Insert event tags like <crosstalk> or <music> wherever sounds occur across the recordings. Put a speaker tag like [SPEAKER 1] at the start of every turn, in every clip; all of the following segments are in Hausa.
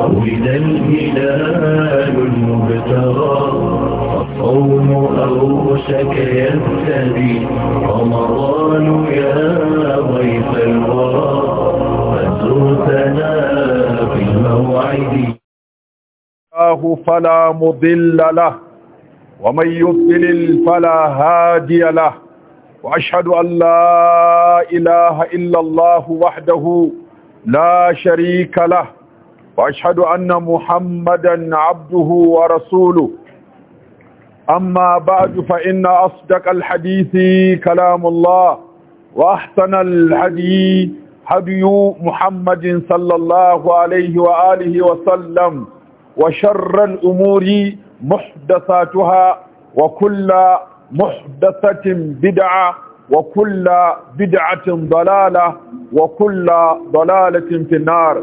[SPEAKER 1] ولد الهلال المبتغى الصوم أوشك يبتدي رمضان
[SPEAKER 2] يا ضيف الورى فزرتنا في الموعد الله فلا مضل له ومن يضلل فلا هادي له وأشهد أن لا إله إلا الله وحده لا شريك له وأشهد أن محمدا عبده ورسوله أما بعد فإن أصدق الحديث كلام الله وأحسن الهدي هدي محمد صلى الله عليه وآله وسلم وشر الأمور محدثاتها وكل محدثة بدعة وكل بدعة ضلالة وكل ضلالة في النار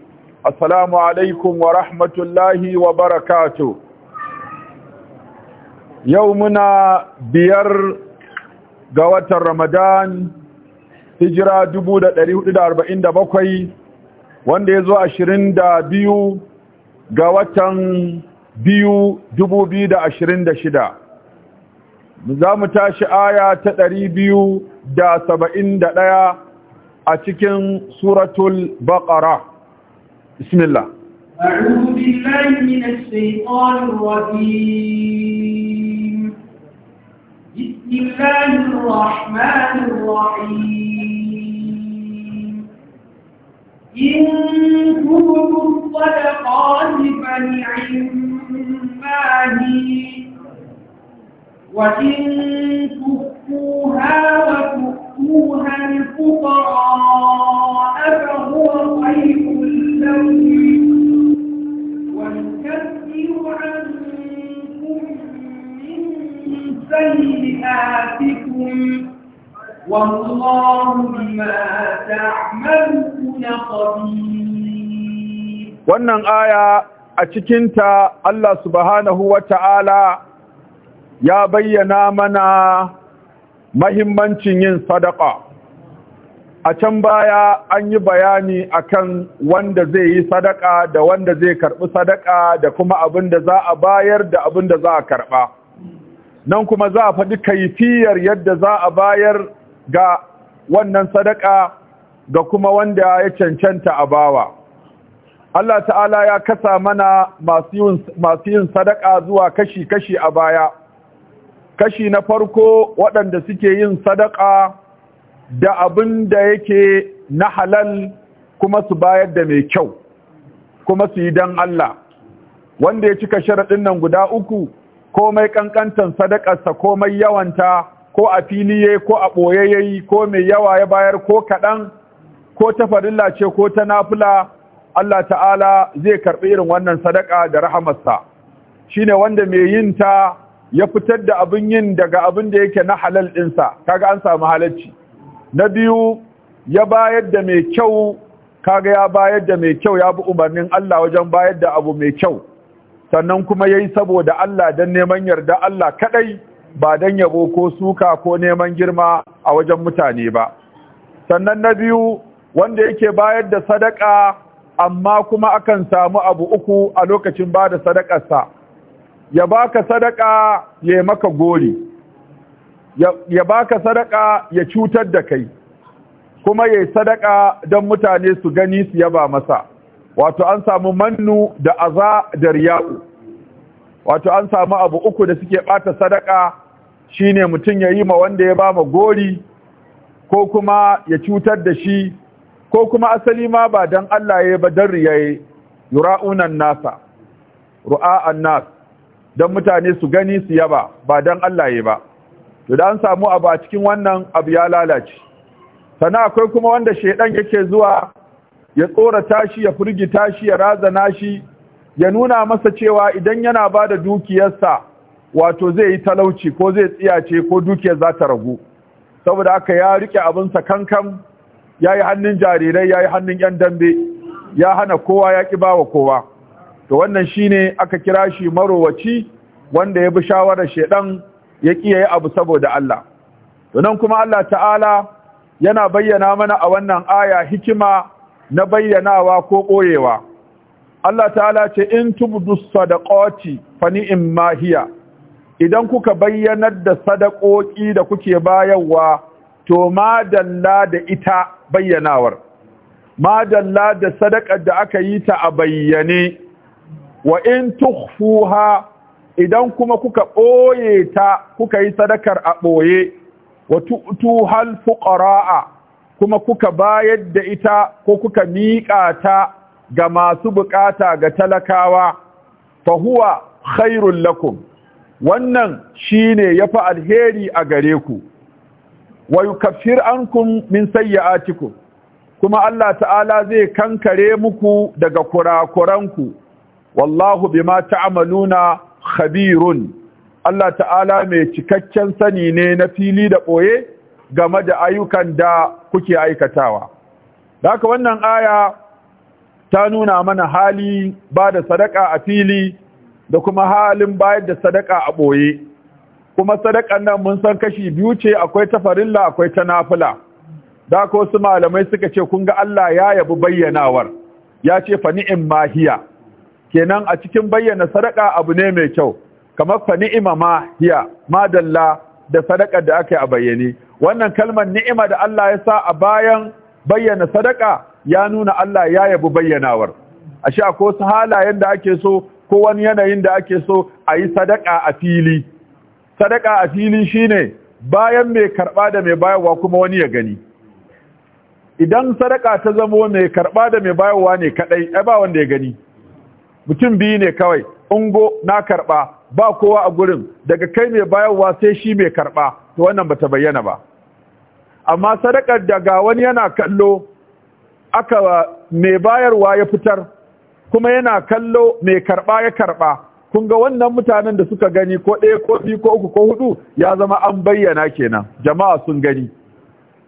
[SPEAKER 2] Assalamu alaikum wa rahmatullahi wa barakatu. Yau muna biyar ga watan Ramadan, hijira bakwai. wanda ya zo biyu ga watan biyu shida. Za mu tashi aya ta da ɗaya a cikin Suratul Baqarah. بسم الله
[SPEAKER 1] أعوذ بالله من الشيطان الرجيم بسم الله الرحمن الرحيم إن كنتم صدقات فنعماه وإن تخفوها وتخفوها الفقراء فهو خير سيئاتكم والله بما تعملون قدير
[SPEAKER 2] wannan aya a cikin ta Allah subhanahu wata'ala ya bayyana mana mahimmancin yin sadaka a can baya an yi bayani akan wanda zai yi sadaka da wanda zai karɓi sadaka da kuma abin da za a bayar da abin da za a karɓa. nan kuma za a faɗi kaifiyar yadda za a bayar ga wannan sadaka ga kuma wanda ya cancanta a bawa Allah ta'ala ya kasa mana masu yin sadaka zuwa kashi-kashi a baya kashi na farko waɗanda suke yin sadaka da abin da yake na halal kuma su bayar da mai kyau kuma su yi don Allah wanda ya cika sharaɗin nan guda uku komai kankantan sadakarsa komai yawanta ko a filiye ko a ɓoye yayi ko mai yawa ya bayar ko kaɗan ko ta farilla ce ko ta nafila Allah ta'ala zai karɓi irin wannan sadaka da rahamarsa shine wanda mai yin ta ya fitar da abin yin daga abin da yake na halal ɗinsa kaga an samu halacci. na biyu ya bayar da mai kyau kaga ya bayar da mai kyau ya bi umarnin Allah wajen bayar da abu mai kyau sannan kuma ya yi saboda Allah dan neman yarda Allah kaɗai ba dan yabo ko suka ko neman girma a wajen mutane ba. Sannan na biyu wanda yake bayar da sadaka amma kuma akan samu abu uku a lokacin ba da sadakarsa. Ya baka sadaka ya maka gori, ya baka sadaka ya cutar da kai, kuma ya sadaka don mutane su gani su yaba masa. wato an samu mannu da aza da riya'u wato an samu abu uku da suke bata sadaka shine mutum ya yi ma wanda ya bama gori ko kuma ya cutar da shi ko kuma asali ma ba dan Allah ya ba dan riyaye yura'unan nasa ru'a'an nas dan mutane su gani su yaba ba dan Allah ya ba to da an samu abu a cikin wannan abu ya lalace sana akwai kuma wanda shedan yake zuwa ya tsorata shi ya firgita shi ya razana shi ya nuna masa cewa idan yana ba da dukiyarsa wato zai yi talauci ko zai tsiya ce, ko dukiyar za ta ragu saboda aka ya rike abinsa kankan ya yi hannun jarirai ya yi hannun yan dambe ya hana kowa ya ƙi bawa kowa to wannan shine aka kira shi marowaci wanda ya bi shawarar shedan ya ƙi yayi abu saboda Allah to nan kuma Allah ta'ala yana bayyana mana a wannan aya hikima na bayyanawa ko ɓoyewa. Allah ta'ala ce in tubdu sadaqati in mahiya idan kuka bayyanar da sadakoki da kuke bayarwa to madalla da ita bayyanawar madalla da sadaqar da aka yi ta a bayyane wa in tukhfuha idan kuma kuka ɓoye ta kuka yi sadakar a ɓoye wa tu'tu hal fuqara'a kuma kuka bayar da ita ko kuka miƙa ta ga masu buƙata ga talakawa fa huwa lakum wannan shine yafi alheri a gare ku wa yukaffir ankum min sayyi'atikum kuma Allah ta'ala zai kankare muku daga kurakuranku wallahu bima ta'maluna khabirun Allah ta'ala mai cikakken sani ne na fili da ɓoye game da ayyukan da kuke aikatawa daka wannan aya ta nuna mana hali ba da sadaka a fili da kuma halin bayar da sadaka a ɓoye kuma sadakan nan mun san kashi biyu ce akwai ta farilla akwai ta nafila da wasu malamai suka ce kun ga Allah ya yabi bayyanawar ya ce fa mahiya kenan a cikin bayyana sadaka abu ne mai kyau kamar fani'ima mahiya madalla da sadaka da aka yi a bayyane wannan kalmar ni'ima da Allah ya sa a bayan bayyana sadaka ya nuna Allah ya yabi bayyanawar ashe ko su halayen da ake so ko wani yanayin da ake so a yi sadaka a fili sadaka a fili shine bayan mai karba da mai bayarwa kuma wani ya gani idan sadaka ta zamo mai karba da mai bayarwa ne kadai ai ba wanda ya gani mutum biyu ne kawai ungo na karba ba kowa a gurin daga kai mai bayarwa sai shi mai karba to wannan bata bayyana ba amma sadakar da ga wani yana kallo aka mai bayarwa ya fitar kuma yana kallo mai karba ya karba kun ga wannan mutanen da suka gani ko ɗaya ko biyu ko uku ko hudu ya zama an bayyana kenan jama'a sun gani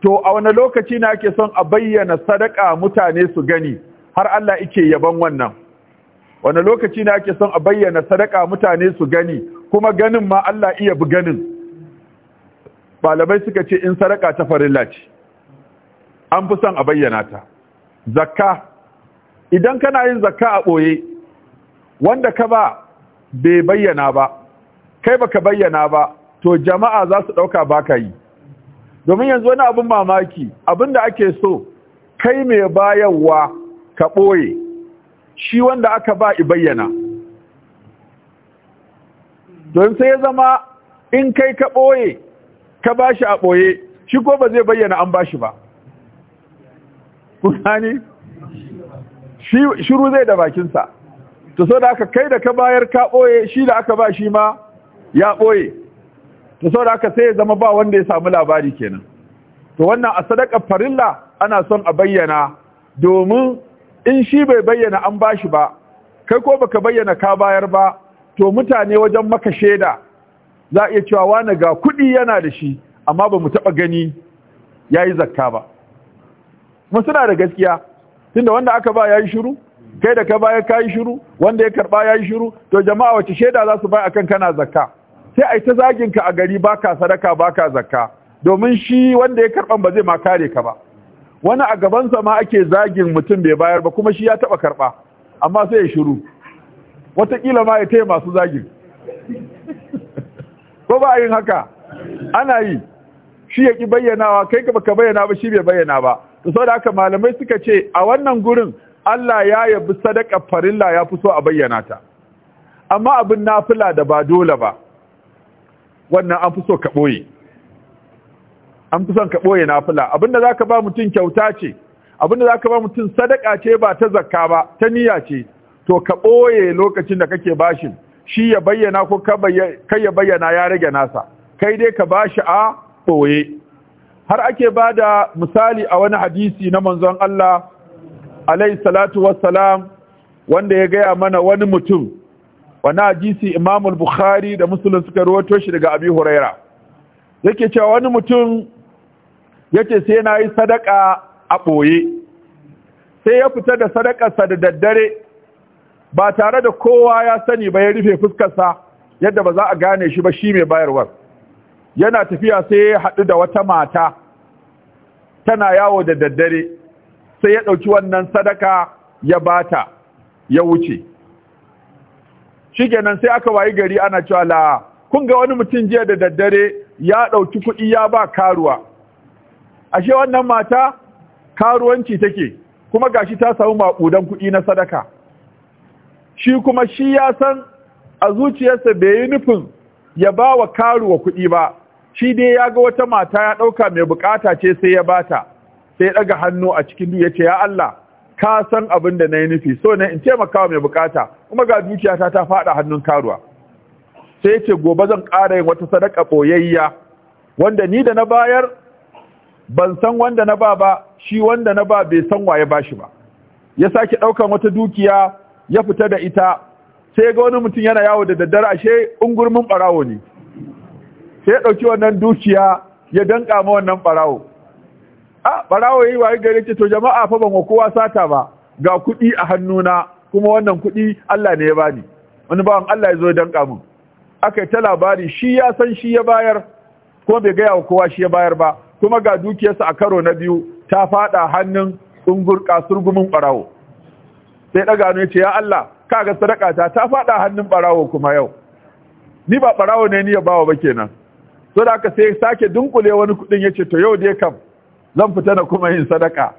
[SPEAKER 2] to a wani lokaci na ake son a bayyana sadaka mutane su gani har Allah yake yaban wannan wani lokaci na ake son a bayyana sadaka mutane su gani kuma ganin ma Allah iya bi ganin malamai suka ce in sadaka ta farilla ce an fi son a bayyana ta zakka idan kana yin zakka a ɓoye wanda ka ba bai bayyana ba kai baka bayyana ba to jama'a za su ɗauka baka yi domin yanzu wani abin mamaki abin da ake so kai mai bayarwa ka ɓoye shi wanda aka ba i bayyana don sai ya zama in kai ka ɓoye ka bashi a ɓoye shi ko ba zai bayyana an bashi ba kun shiru zai da bakinsa Ta so da aka kai da ka bayar ka ɓoye shi da aka ba shi ma ya ɓoye Ta so da aka sai zama ba wanda ya samu labari kenan to wannan a sadaka farilla ana son a bayyana domin in shi bai bayyana an bashi ba kai ko baka bayyana ka bayar ba to mutane wajen maka shaida za a iya cewa wani ga kuɗi yana da shi amma ba mu taɓa gani ya yi zakka ba kuma suna da gaskiya tunda wanda aka ba ya yi shiru kai da ka baya ka yi shiru wanda ya karɓa ya yi shiru to jama'a wace shaida za su bai akan kana zakka sai a yi ta zagin a gari ba ka sadaka ba ka zakka domin shi wanda ya karɓan ba zai ma kare ka ba wani a gabansa ma ake zagin mutum bai bayar ba kuma shi ya taɓa karɓa amma sai ya shiru wataƙila ma ya taya masu zagin ko ba a yin haka ana yi shi ya ki bayyanawa kai ka baka bayyana ba shi bai bayyana ba to saboda haka malamai suka ce a wannan gurin Allah ya yabi sadaka farilla ya fi so a bayyana ta amma abin nafila da ba dole ba wannan an fi so ka ɓoye an fi son ka ɓoye nafila abinda za ka ba mutum kyauta ce abinda za ka ba mutum sadaka ce ba ta zakka ba ta niyya ce to ka ɓoye lokacin da kake bashin shi ya bayyana ko kai ya bayyana ya rage nasa kai dai ka bashi a boye har ake ba da misali a wani hadisi na manzon Allah alaihi salatu wassalam wanda ya gaya mana wani mutum wani hadisi Imam al bukhari da muslim suka rawato shi daga abi huraira yake cewa wani mutum yace sai na yi sadaka a ɓoye sai ya fita da sa da daddare ba tare da kowa ya sani ba ya rufe fuskarsa yadda ba za a gane shi ba shi mai bayarwar yana tafiya sai ya haɗu da wata mata tana yawo da daddare sai ya ɗauki wannan sadaka ya bata ya wuce shi kenan sai aka wayi gari ana cewa la kun ga wani mutum jiya da daddare ya ɗauki kuɗi ya ba karuwa ashe wannan mata karuwanci take kuma gashi ta samu maƙudan kuɗi na sadaka shi kuma shi ya san a zuciyarsa bai yi nufin ya ba wa karuwa kuɗi ba shi dai ya ga wata mata ya ɗauka mai bukata ce sai ya bata sai ya ɗaga hannu a cikin ya ce ya Allah ka san abin da na yi nufi so ne in taimakawa mai bukata kuma ga dukiyata ta faɗa hannun karuwa sai ce gobe zan ƙara yin wata sadaka ɓoyayya wanda ni da na bayar ban san wanda na ba ba shi wanda na ba bai san waye ba shi ba ya sake ɗaukan wata dukiya ya fita da ita sai ga wani mutum yana yawo da daddare ashe ungurmin barawo ne sai ya ɗauki wannan dukiya ya danka ma wannan barawo a barawo yayi waye gare ki to jama'a fa ban kowa sata ba ga kuɗi a hannuna kuma wannan kuɗi Allah ne ya bani wani bawan Allah ya zo ya danka min aka ta labari shi ya san shi ya bayar kuma bai gaya wa kowa shi ya bayar ba kuma ga dukiyarsa a karo na biyu ta fada hannun tsungur kasurgumin barawo sai daga hannu ce ya Allah kaga sadaka ta ta faɗa hannun barawo kuma yau ni ba barawo ne ni ya bawa ba kenan so da aka sai sake dunkule wani kuɗin ya ce to yau dai kam zan fita na kuma yin sadaka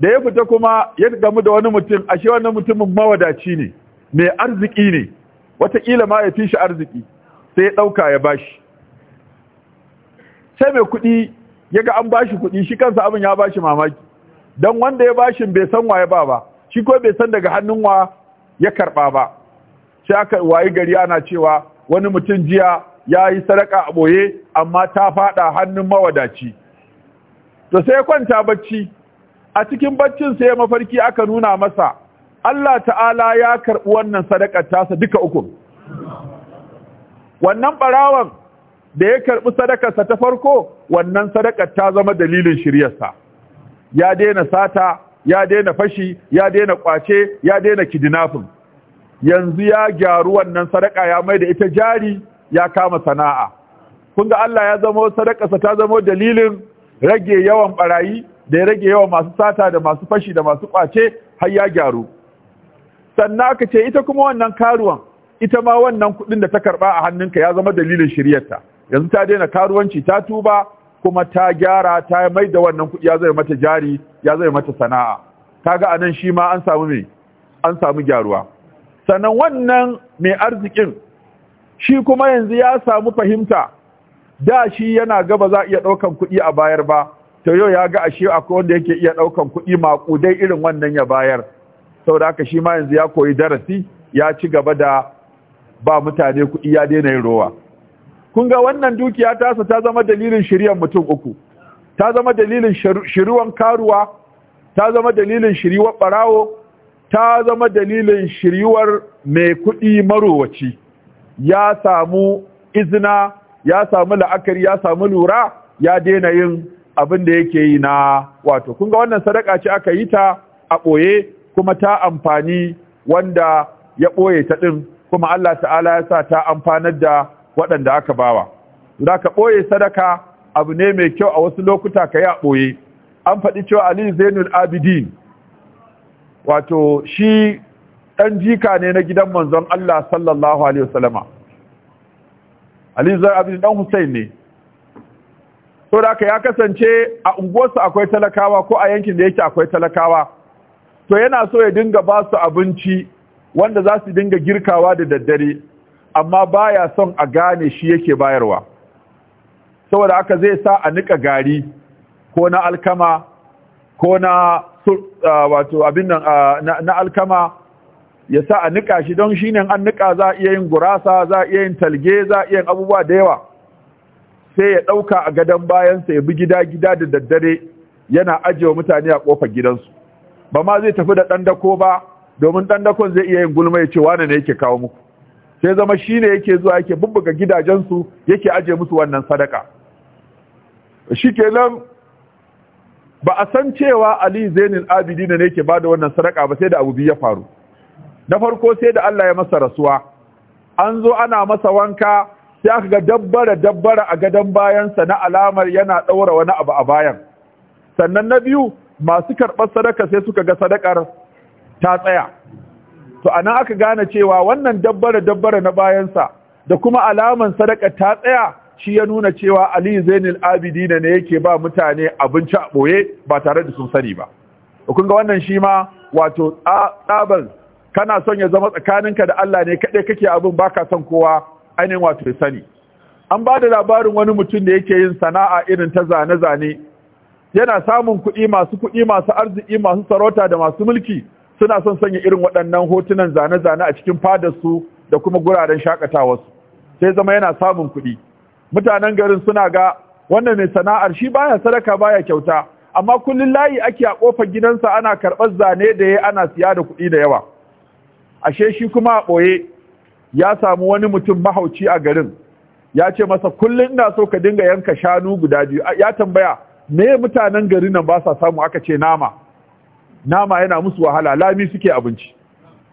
[SPEAKER 2] da ya fita kuma ya gamu da wani mutum ashe wannan mutumin mawadaci ne mai arziki ne wataƙila ma ya fi shi arziki sai ya ɗauka ya bashi sai mai kuɗi ya ga an bashi kuɗi shi kansa abin ya bashi mamaki don wanda ya bashin bai san waye ba ba shi ko bai san daga hannunwa ya karɓa ba sai aka wayi gari ana cewa wani mutum jiya ya yi sadaka a boye amma ta faɗa hannun mawadaci to sai ya kwanta bacci a cikin baccin sai mafarki aka nuna masa Allah ta'ala ya karɓi wannan sadakar tasa duka uku wannan barawan da ya karɓi sadakarsa ta farko wannan sadakar ta zama dalilin shiryarsa ya daina sata ya daina fashi ya daina kwace ya daina kidnapping yanzu ya gyaru wannan sadaka ya mai da ita jari ya kama sana'a kun ga Allah ya zamo sadakarsa ta zamo dalilin rage yawan barayi da ya rage yawan masu sata da masu fashi da masu kwace har ya gyaru sannan ka ce ita kuma wannan karuwan ita ma wannan kuɗin da ta karɓa a hannunka ya zama dalilin shiryarta yanzu ta daina karuwanci ta tuba kuma ta gyara ta mai da wannan kuɗi ya zai mata jari ya zai mata sana'a kaga anan shi ma an samu me an samu gyaruwa sannan wannan mai arzikin shi kuma yanzu ya samu fahimta da shi yana gaba za a iya ɗaukan kuɗi a bayar ba to yau ya ga ashe akwai wanda yake iya ɗaukan kuɗi maƙudai irin wannan ya bayar saboda haka shi ma yanzu ya koyi darasi ya ci gaba da ba mutane kuɗi ya daina yin rowa kun ga wannan dukiya tasa ta zama dalilin shiryan mutum uku ta zama dalilin shiriwan karuwa ta zama dalilin shiriwar barawo ta zama dalilin shiriwar mai kuɗi marowaci ya samu izina ya samu la'akari ya samu lura ya daina yin abin da yake yi na wato kun ga wannan sadaka ce aka yi ta a ɓoye kuma ta amfani wanda ya ɓoye ta ɗin kuma Allah ta'ala ya sa ta amfanar da waɗanda aka bawa da ka ɓoye sadaka abu ne mai kyau a wasu lokuta ka yi a ɓoye an faɗi cewa ali zainul abidin wato shi ɗan jika ne na gidan manzon Allah sallallahu alaihi wasallama ali zainul abidin ɗan Hussein ne to da ya kasance a unguwarsu akwai talakawa ko a yankin da yake akwai talakawa to yana so ya dinga ba su abinci wanda za su dinga girkawa da daddare amma baya son a gane shi yake bayarwa saboda aka zai sa a nika gari ko na alkama ko na wato abin nan na alkama ya sa a nika shi don shine an nika za a iya yin gurasa za a iya yin talge za a iya yin abubuwa da yawa sai ya ɗauka a gadon bayansa ya bi gida-gida da daddare yana ajiye mutane a ƙofar gidansu ba ma zai tafi da ɗan dako ba domin ɗan dakon zai iya yin gulma ya ce wane ne yake kawo muku sai zama shi ne yake zuwa yake bubbuga gidajensu yake aje musu wannan sadaka nan, ba a san cewa Ali Zainul abidi ne yake da wannan sadaka ba sai da abu biyu ya faru na farko sai da Allah ya masa rasuwa an zo ana masa wanka sai aka ga dabbara dabbara a gadon bayansa na alamar yana ɗaura wani abu a bayan sannan na biyu masu karɓar sadaka sai suka ga sadakar ta tsaya to anan aka gane cewa wannan dabbare dabbare na bayansa da kuma alaman sadaka ta tsaya shi ya nuna cewa Ali Zainul Abidina ne yake ba mutane abinci a boye ba tare da sun sani ba kun ga wannan shi ma wato tsaban kana son ya zama tsakaninka da Allah ne kaɗai kake abin baka son kowa ainihin wato ya sani an ba da labarin wani mutum da yake yin sana'a irin ta zane-zane yana samun kuɗi masu kuɗi masu arziki masu sarauta da masu mulki suna son sanya irin waɗannan hotunan zane-zane a cikin fadarsu da kuma guraren shakatawarsu sai zama yana samun kuɗi mutanen garin suna ga wannan mai sana'ar shi baya sadaka baya kyauta amma kullum layi ake a kofar gidansa ana karɓar zane da ya ana siya da kuɗi da yawa ashe shi kuma a ɓoye ya samu wani mutum mahauci a garin ya ce masa kullum ina so ka dinga yanka shanu guda biyu ya tambaya me mutanen garin nan ba sa samu aka ce nama nama yana musu wahala lami suke abinci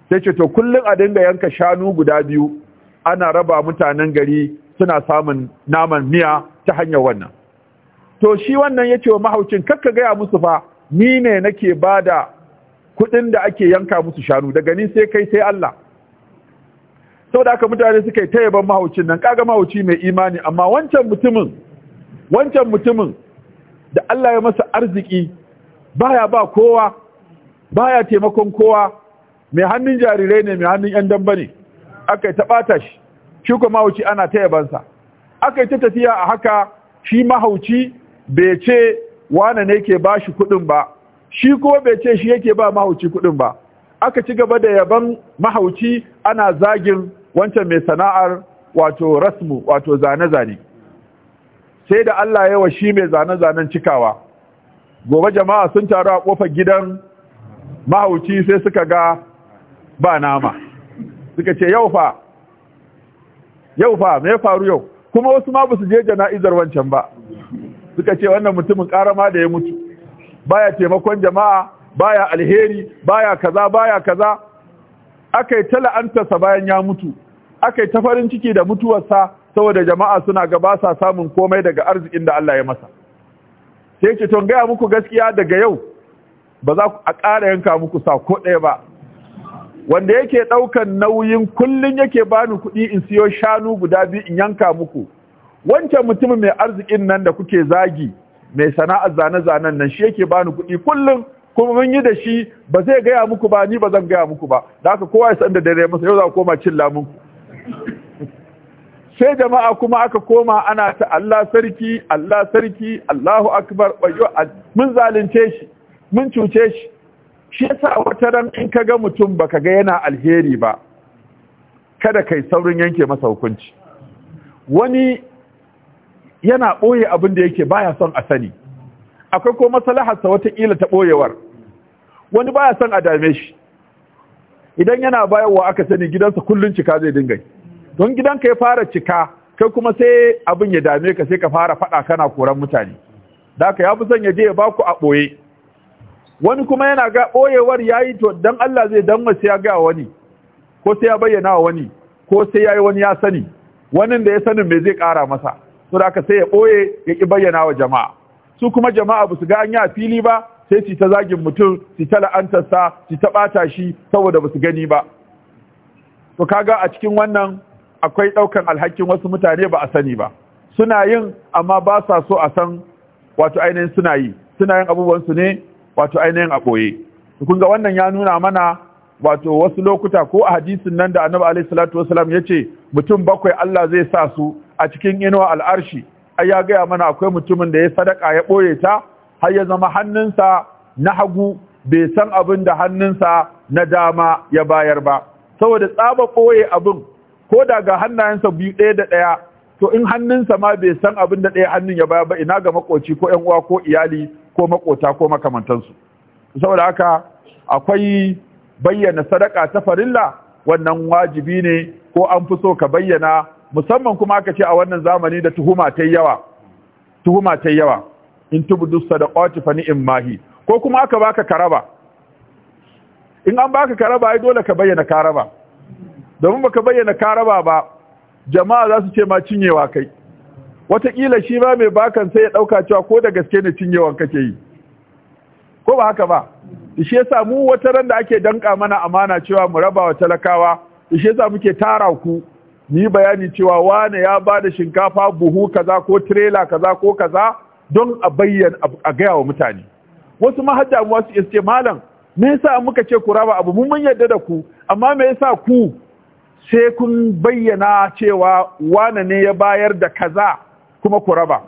[SPEAKER 2] sai ce to kullum a dinga yanka shanu guda biyu ana raba mutanen gari suna samun naman miya ta hanyar wannan to shi wannan ya ce wa mahaucin kakka gaya musu fa ni ne nake ba da kuɗin da ake yanka musu shanu daga ni sai kai sai Allah saboda haka mutane suka yi tayyaban mahaucin nan kaga mahauci mai imani amma wancan mutumin wancan mutumin da Allah ya masa arziki baya ba kowa baya taimakon kowa mai hannun jarirai ne mai hannun yan damba ne aka yi ta ɓata shi shi kuma mahauci ana ta yabansa aka yi ta tafiya a haka shi mahauci bai ce wane ne ke ba shi kuɗin ba shi ko bai ce shi yake ba mahauci kuɗin ba aka ci gaba da yaban mahauci ana zagin wancan mai sana'ar wato rasmu wato zane-zane sai da Allah ya wa shi mai zane-zanen cikawa gobe jama'a sun taru a kofar gidan mahauci sai suka ga ba nama suka ce yau fa yau fa me ya faru yau kuma wasu ma basu je jana'izar wancan ba suka ce wannan mutumin karama da ya mutu baya taimakon jama'a baya alheri baya kaza baya kaza akai ta la'antarsa bayan ya mutu akai ta farin ciki da mutuwarsa saboda jama'a suna ga ba sa samun komai daga arzikin da Allah ya masa sai ce ton gaya muku gaskiya daga yau ba za ku a ƙara yanka muku sa ko ɗaya ba wanda yake ɗaukan nauyin kullum yake bani kuɗi in siyo shanu guda biyu in yanka muku wancan mutumin mai arzikin nan da kuke zagi mai sana'ar zane-zanen nan shi yake bani kuɗi kullum kuma mun yi da shi ba zai gaya muku ba ni ba zan gaya muku ba da haka kowa ya san da dare masa yau za ku koma cin lamunku sai jama'a kuma aka koma ana ta Allah sarki Allah sarki Allahu akbar bayo mun zalunce shi mun cuce shi shi yasa wata ran in ka ga mutum baka ga yana alheri ba kada kai saurin yanke masa hukunci wani yana ɓoye abin da yake baya son a sani akwai ko wata wataƙila ta ɓoyewar wani baya son a dame shi idan yana bayarwa aka sani gidansa kullum cika zai dinga don gidan ka ya fara cika kai kuma sai abin ya dame ka sai ka fara faɗa kana koran mutane da ka ya fi son ya je ya baku a ɓoye wani kuma yana ga ɓoyewar ya yi to dan Allah zai dan wasu ya ga wani ko sai ya bayyana wani ko sai ya yi wani ya sani wannan da ya sani me zai ƙara masa to da sai ya ɓoye ya ƙi bayyana wa jama'a su kuma jama'a ba su ga an yi a fili ba sai su ta zagin mutum su ta la'antarsa su ta ɓata shi saboda ba su gani ba to kaga a cikin wannan akwai ɗaukan alhakin wasu mutane ba a sani ba suna yin amma ba sa so a san wato ainihin suna yi suna yin su ne wato ainihin a ɓoye kun ga wannan ya nuna mana wato wasu lokuta ko a hadisin nan da annabi alaihi salatu wasalam ya ce mutum bakwai Allah zai sa su a cikin inuwa al'arshi ai ya gaya mana akwai mutumin da ya sadaka ya ɓoye ta har ya zama hannunsa na hagu bai san abin da hannunsa na dama ya bayar ba saboda tsaba ɓoye abin ko da ga hannayensa biyu ɗaya da ɗaya to in hannunsa ma bai san abin da ɗaya hannun ya bayar ba ina ga makoci ko ƴan uwa ko iyali ko makota ko makamantansu saboda haka akwai bayyana sadaka ta farilla wannan wajibi ne ko an fi so ka bayyana musamman kuma aka ce a wannan zamani da tuhuma ta yawa tuhuma ta yawa in tubdu sadaqati fa in mahi ko kuma aka baka karaba in an baka karaba ai dole ka bayyana karaba domin baka bayyana karaba ba jama'a za su ce ma cinyewa kai wataƙila shi ma mai bakan sai ya ɗauka cewa ko da gaske ne cinyewan kake yi ko ba haka ba shi yasa mu wata ran da ake danka mana amana cewa mu raba wa talakawa shi sa muke tara ku ni bayani cewa wane ya ba da shinkafa buhu kaza ko tirela kaza ko kaza don a bayyana a gaya wa mutane wasu ma har damuwa su ce malam me yasa muka ce ku raba abu mun yarda da ku amma me yasa ku sai kun bayyana cewa wane ne ya bayar da kaza kuma ku raba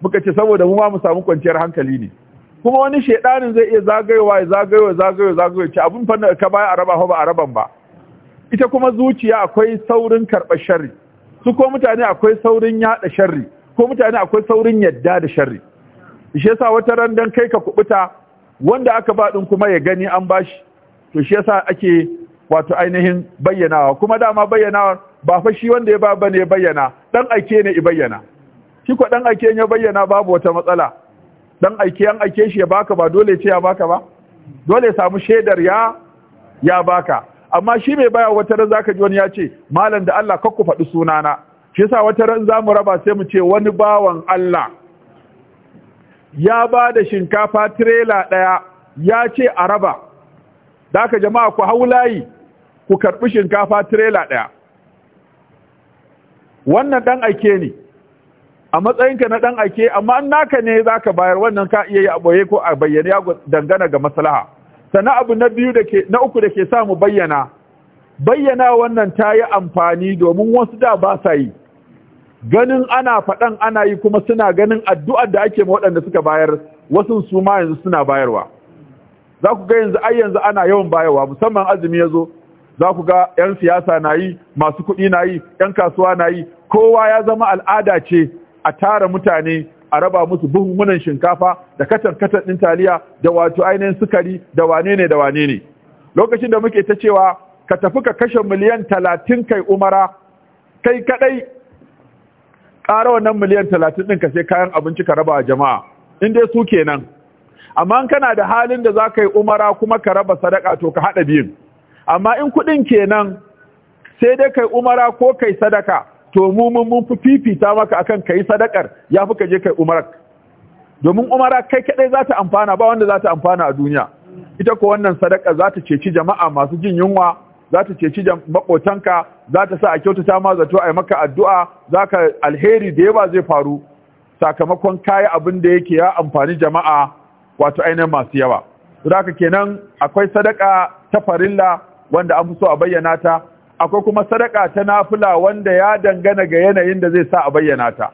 [SPEAKER 2] muka ce saboda mu ma mu samu kwanciyar hankali ne kuma wani shedanin zai iya zagayowa ya zagayowa zagayowa zagayowa ce abin fannin ka baya a raba ba a raban ba ita kuma zuciya akwai saurin karɓar sharri su ko mutane akwai saurin yaɗa sharri ko mutane akwai saurin yadda da sharri shi yasa wata ran dan kai ka kubuta wanda aka ba din kuma ya gani an bashi to shi yasa ake wato ainihin bayyanawa kuma dama bayyanawa ba fa shi wanda ya ba bane bayyana dan aike ne i bayyana shi ko dan ake ya bayyana babu wata matsala dan aike an aike shi ya baka ba dole ce ya baka ba dole samu shaidar ya ya baka amma shi mai baya wata ran zaka ji wani ya ce malam da Allah kakku faɗi sunana shi yasa wata ran zamu raba sai mu ce wani bawan Allah ya ba da shinkafa trailer ɗaya ya ce a raba da jama'a ku hau layi ku karɓi shinkafa trailer ɗaya wannan ɗan aike ne a matsayinka na dan ake amma an naka ne zaka bayar wannan ka iya yi a boye ko a bayyane ya dangana ga maslaha sana abu na biyu dake na uku dake sa mu bayyana bayyana wannan ta yi amfani domin wasu da ba sa yi ganin ana faɗan ana yi kuma suna ganin addu'ar da ake waɗanda suka bayar wasu su ma yanzu suna bayarwa za ku ga yanzu ai yanzu ana yawan bayarwa musamman azumi ya zo za ku ga 'yan siyasa na yi masu kuɗi na yi 'yan kasuwa na yi kowa ya zama al'ada ce a tara mutane a raba musu buhunhunan shinkafa da katar katar ɗin taliya da wato ainihin sukari da wane ne da wane ne lokacin da muke ta cewa ka tafi ka kashe miliyan talatin kai umara kai kaɗai ƙara wannan miliyan talatin ɗin ka sai kayan abinci ka raba jama'a in dai su kenan amma kana da halin da za ka yi umara kuma ka raba sadaka to ka haɗa biyun amma in kuɗin kenan sai dai kai umara ko kai sadaka to mu mun mun fi fifita maka akan kai sadakar ya fi kaje kai Umarak? domin umara kai kadai za ta amfana ba wanda za ta amfana a duniya ita ko wannan sadaka za ta ceci jama'a masu jin yunwa za ta ceci makotanka za ta sa a kyautata ma zato a yi maka addu'a za alheri da yawa zai faru sakamakon kayi abin da yake ya amfani jama'a wato ainihin masu yawa. haka kenan akwai sadaka ta farilla wanda an fi so a bayyana ta akwai kuma sadaka ta nafila wanda ya dangana ga yanayin da zai sa a bayyana ta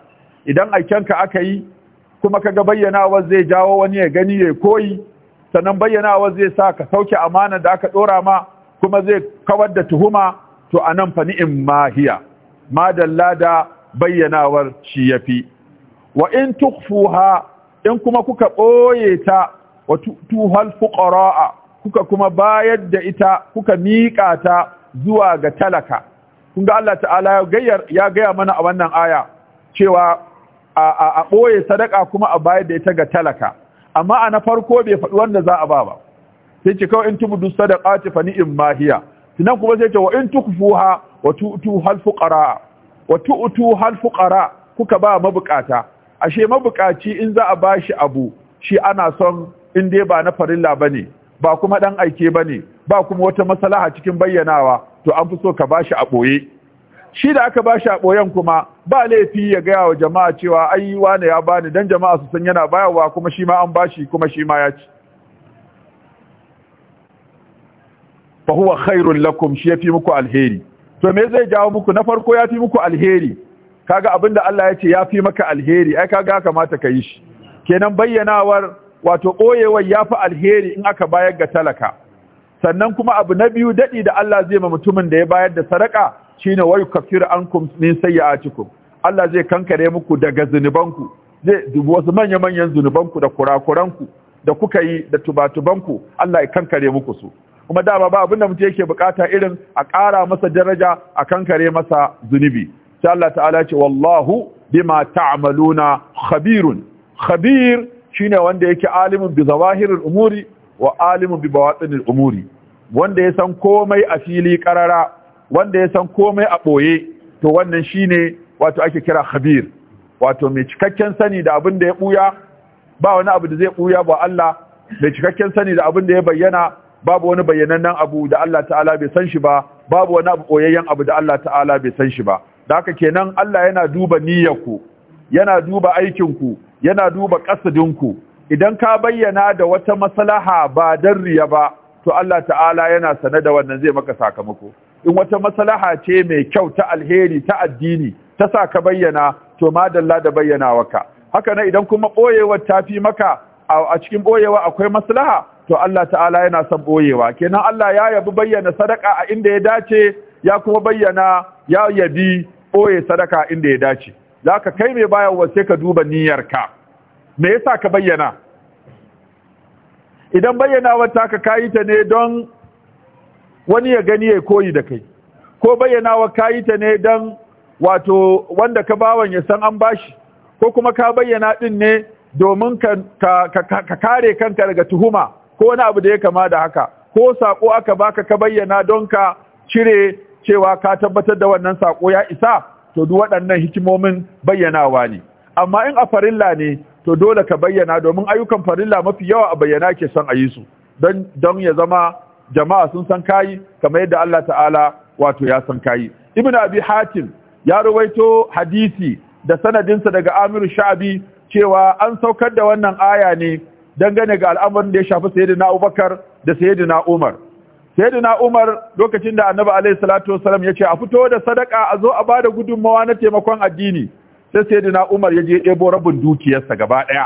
[SPEAKER 2] idan aikenka aka yi kuma kaga bayyanawar zai jawo wani ya gani ya koyi sannan bayyanawar zai sa ka sauke amana da aka dora ma kuma zai kawar da tuhuma to a nan fa in mahiya madalla da bayyanawar shi yafi wa in tukhfuha in kuma kuka ɓoye ta wa tuhal fuqara'a kuka kuma bayar da ita kuka miƙa ta zuwa ga talaka kun ga Allah ta'ala ya gaya mana a wannan aya cewa a ɓoye sadaka kuma a bayar da ita ga talaka amma a na farko bai faɗi wanda za a ba ba sai ce kawai in tubudu sadaqati fani fani in mahiya. kuma sai ce wa in tukfuha wa tu'tu hal fuqara wa tu'tu hal fuqara kuka ba mabukata ashe mabukaci in za a bashi abu shi ana son in dai ba na farilla bane ba kuma dan aike bane ba kuma wata masalaha cikin bayyanawa to an fi so ka bashi a ɓoye shi da aka bashi a ɓoyen kuma ba laifi ya gaya wa jama'a cewa ai wane ya bani dan jama'a su san yana bayarwa kuma shi ma an bashi kuma shi ma ya ci fa huwa khairul lakum shi yafi muku alheri to me zai jawo muku na farko yafi muku alheri kaga abinda Allah ya ce yafi maka alheri ai kaga kamata ka yi shi kenan bayyanawar wato ɓoyewar yafi alheri in aka bayar ga talaka sannan kuma abu na biyu daɗi da Allah zai ma mutumin da ya bayar da sadaka shine wa yukaffiru ankum min sayyi'atikum Allah zai kankare muku daga zunubanku zai dubo wasu manya-manyan zunubanku da kurakuranku da kuka yi da tubatubanku Allah ya kankare muku su kuma dama ba abinda mutum yake bukata irin a ƙara masa daraja a kankare masa zunubi sai Allah ta'ala ce wallahu bima ta'maluna khabirun khabir shine wanda yake alimin bi zawahirul umuri wa alimu bi bawatinil umuri wanda ya san komai a fili karara wanda ya san komai a ɓoye to wannan shine wato ake kira khabir wato mai cikakken sani da abin da ya buya, ba wani abu da zai buya ba Allah mai cikakken sani da abin da ya bayyana babu wani bayyanannen abu da Allah ta'ala bai san shi ba babu wani abu ɓoyayyen abu da Allah ta'ala bai san shi ba da haka kenan Allah yana duba niyyarku yana duba aikinku yana duba kasadinku idan ka bayyana da wata maslaha ba dan riya ba to Allah ta'ala yana sane da wannan zai maka sakamako in wata maslaha ce mai kyau ta alheri ta addini ta sa ka bayyana to madalla da bayyanawarka haka nan idan kuma boyewar ta fi maka a cikin boyewa akwai maslaha to Allah ta'ala yana son boyewa kenan Allah ya yabi bayyana sadaka a inda ya dace ya kuma bayyana ya yabi boye sadaka inda ya dace zaka kai mai bayan sai ka duba niyyarka me yasa ka bayyana idan bayyanawar ka kayi ta ne don wani ya gani ya koyi da kai ko bayyanawar kayi ta ne don wato wanda ka bawan ya san an bashi ko kuma ka bayyana din ne domin ka kare kanka daga tuhuma ko wani abu da ya kama da haka ko sako aka baka ka bayyana don ka cire cewa ka tabbatar da wannan sako ya isa to duk waɗannan hikimomin bayyanawa ne amma in a farilla ne to dole ka bayyana domin ayyukan farilla mafi yawa a bayyana ke son a yi su don ya zama jama'a sun san kayi kamar yadda Allah ta'ala wato ya san kayi ibn abi hatim ya rawaito hadisi da sanadinsa daga amiru sha'abi cewa an saukar da wannan aya ne dangane ga al'amarin da ya shafi sayyidina abubakar da sayyidina umar sayyidina umar lokacin da annabi alaihi salatu wasalam ya ce a fito da sadaka a zo a bada gudunmawa na taimakon addini sai sai na Umar ya je ɗebo rabin dukiyarsa gaba ɗaya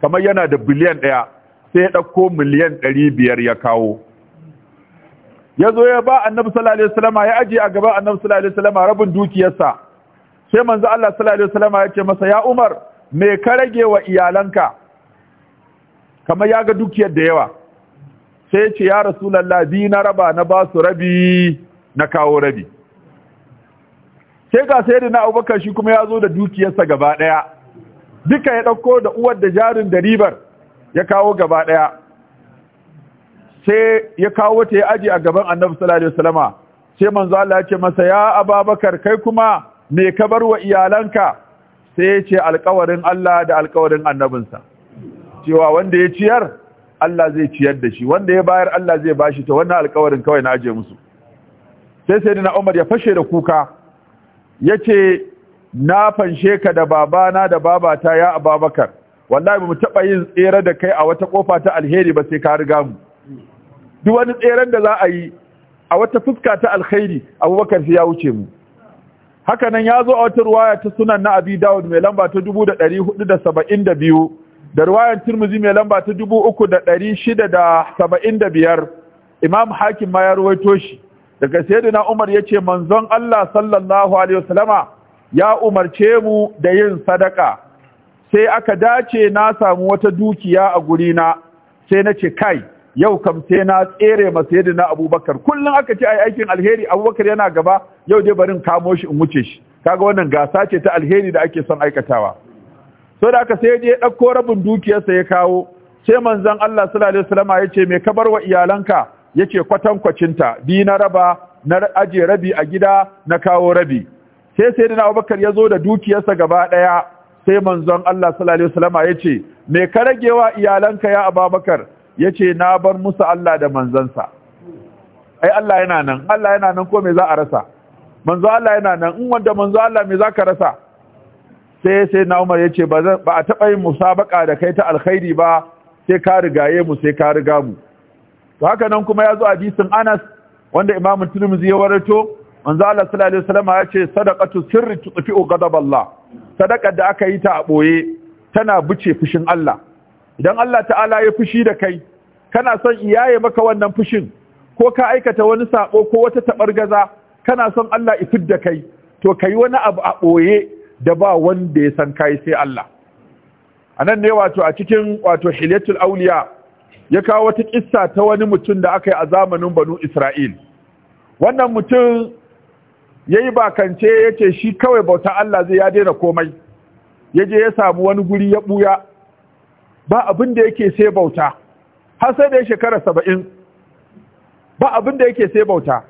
[SPEAKER 2] kamar yana da biliyan ɗaya sai ya ɗauko miliyan ɗari biyar ya kawo ya zo ya ba annabi sallallahu alaihi ya aje a gaba annabi sallallahu alaihi rabin dukiyarsa sai manzo Allah sallallahu alaihi ya ce masa ya Umar me ka rage wa iyalanka kamar ya ga dukiyar da yawa sai ya ce ya rasu lallabi na raba na ba su rabi na kawo rabi sai ga sai na abubakar shi kuma ya zo da dukiyarsa gaba ɗaya duka ya ɗauko da uwar da jarin da ribar ya kawo gaba ɗaya sai ya kawo ta ya aji a gaban annabi sallallahu alaihi sai manzo Allah ya ce masa ya ababakar kai kuma me ka bar wa iyalanka sai ya ce alƙawarin Allah da alƙawarin annabinsa cewa wanda ya ciyar Allah zai ciyar da shi wanda ya bayar Allah zai bashi ta wannan alƙawarin kawai na aje musu sai sai na Umar ya fashe da kuka Ya ce na fanshe ka da babana da babata ya Ababakar wallahi ba mu taɓa yin tsere da kai a wata kofa ta alheri ba sai ka riga mu duk wani tseren da za a yi a wata fuska ta alheri Abubakar sai ya wuce mu haka nan ya zo a wata ruwaya ta sunan na Abi Dawud mai lamba ta 1472 da ruwayan turmuzi mai lamba ta da biyar. Imam Hakim ma ya ruwaito shi daga sayyidina Umar yace manzon Allah sallallahu alaihi wasallama ya umarce mu da yin sadaka sai aka dace na samu wata dukiya a gurina sai na ce kai yau kam sai na tsere ma sayyidina Abubakar kullun aka ci ai aikin alheri Abubakar yana gaba yau dai barin kamo shi in wuce shi kaga wannan gasa ce ta alheri da ake son aikatawa so da aka sai je ɗauko rabin dukiyarsa ya kawo sai manzon Allah sallallahu alaihi wasallama yace me ka bar wa iyalanka yace kwatankwacinta bi na raba na aje rabi a gida na kawo rabi sai sai sayyidina Abubakar ya zo da dukiyarsa gaba daya sai manzon Allah sallallahu alaihi wasallama yace me ka ragewa iyalanka ya Abubakar yace na bar musu Allah da manzansa ai Allah yana nan Allah yana nan ko me za a rasa manzo Allah yana nan in wanda manzo Allah me za ka rasa sai sai na Umar yace ba a taba yin musabaka da kai ta alkhairi ba sai ka rigaye mu sai ka riga mu to haka nan kuma ya zo hadisin Anas wanda Imam Tirmidhi ya warato manzo Allah sallallahu alaihi wasallam ya ce sadaqatu sirri tutfi'u ghadab Allah Sadakar da aka yi ta a boye tana buce fushin Allah idan Allah ta'ala ya fushi da kai kana son iyaye maka wannan fushin ko ka aikata wani sako ko wata tabargaza kana son Allah ya fidda kai to kai wani abu a boye da ba wanda ya san kai sai Allah anan ne wato a cikin wato hilyatul auliya ya kawo wata kissa ta wani mutum da aka yi a zamanin banu isra'il wannan mutum ya yi bakance ya ce shi kawai bauta Allah zai ya daina komai ya je ya samu wani guri ya buya. ba abin da yake sai bauta har sai da ya shekara saba'in ba abin da yake sai bauta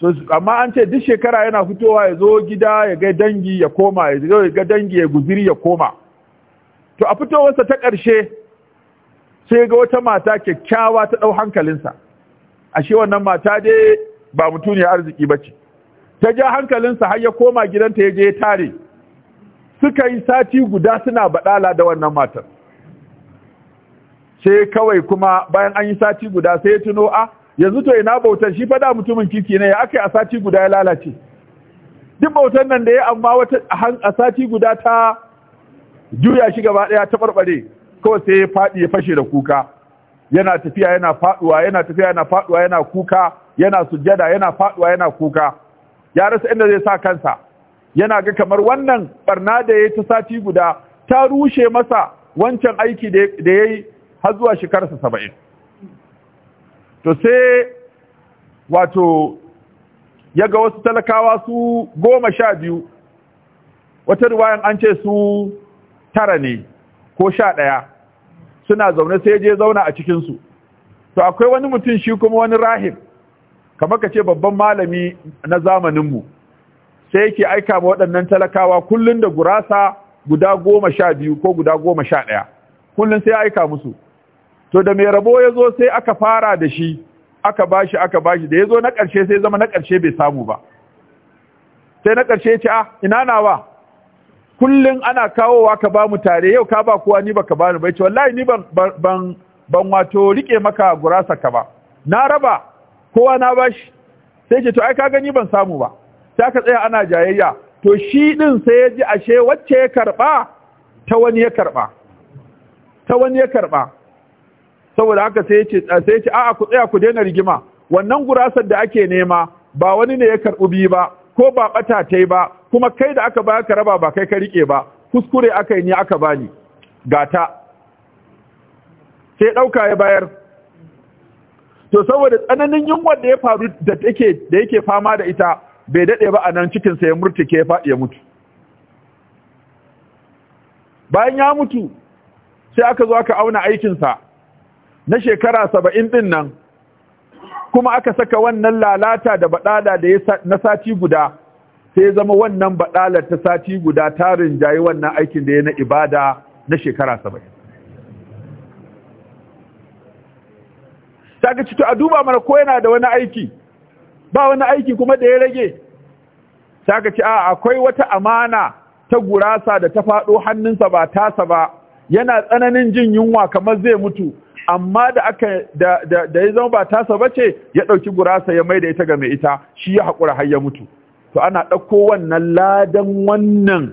[SPEAKER 2] so, amma an ce duk shekara yana fitowa ya zo gida ya ga dangi ya koma ya ga dangi ya guziri ya koma to a fitowarsa ta ƙarshe sai ga wata mata kyakkyawa ta ɗau hankalinsa ashe wannan mata dai ba mutuniyar arziki ba ce ta ja hankalinsa har ya koma gidanta ya je ya tare suka yi sati guda suna baɗala da wannan matar sai kawai kuma bayan an yi sati guda sai ya tuno a ah, yanzu to ina bautar shi faɗa mutumin kirki ne ya aka a sati guda ya lalace duk bautar nan da ya amma wata a sati guda ta juya shi gaba ɗaya ta barbare kawai sai ya faɗi ya fashe da kuka yana tafiya yana faɗuwa yana tafiya yana faɗuwa yana kuka yana sujada yana faɗuwa yana kuka ya rasa inda zai sa kansa yana ga kamar wannan barna da ya ta sati guda ta rushe masa wancan aiki da ya yi har zuwa shekararsa saba'in to sai wato ya ga wasu talakawa su goma sha biyu wata ruwayan an ce su tara ne ko sha ɗaya suna zaune sai je zauna a cikin su to akwai wani mutum shi kuma wani rahib kamar ka ce babban malami na zamanin mu sai yake aika ma waɗannan talakawa kullum da gurasa guda goma sha biyu ko guda goma sha ɗaya kullun sai aika musu to da mai rabo ya zo sai aka fara da shi aka bashi aka bashi da ya zo na ƙarshe sai zama na ƙarshe bai samu ba sai na ƙarshe ya ce ah ina nawa kullun ana kawowa ka bamu tare yau ka ba kowa ni baka bani bai ce wallahi ni ban ban ban wato rike maka gurasa ka ba na raba kowa na bashi sai ce to ai ka gani ban samu ba sai aka tsaya ana jayayya to shi din sai ya ji ashe wacce ya karba ta wani ya karba ta wani ya karba saboda haka sai ya ce sai ya ce a'a ku tsaya ku daina rigima wannan gurasar da ake nema ba wani ne ya karbu bi ba ko ba ɓata ta ba kuma kai da aka ba ka raba ba kai ka rike ba kuskure aka yi ni aka bani gata sai ɗauka ya bayar to saboda tsananin yunwar da ya faru da take da yake fama da ita bai dade ba a nan cikinsa ya murtuke ya faɗi ya mutu bayan ya mutu sai aka zo aka auna aikinsa na shekara saba'in din nan kuma aka saka wannan lalata da baɗala da na sati guda sai zama wannan baɗala ta sati guda ta rinjayi wannan aikin da ya na ibada na shekara saba'in ta ga a duba mana ko yana da wani aiki ba wani aiki kuma da ya rage ta ci a akwai wata amana ta gurasa da ta faɗo hannunsa ba tasa ba yana tsananin jin yunwa kamar zai mutu amma da aka da ya zama ba tasa ce, ya ɗauki gurasa ya maida ita ga mai ita shi ya hakura har ya mutu to ana ɗauko wannan ladan wannan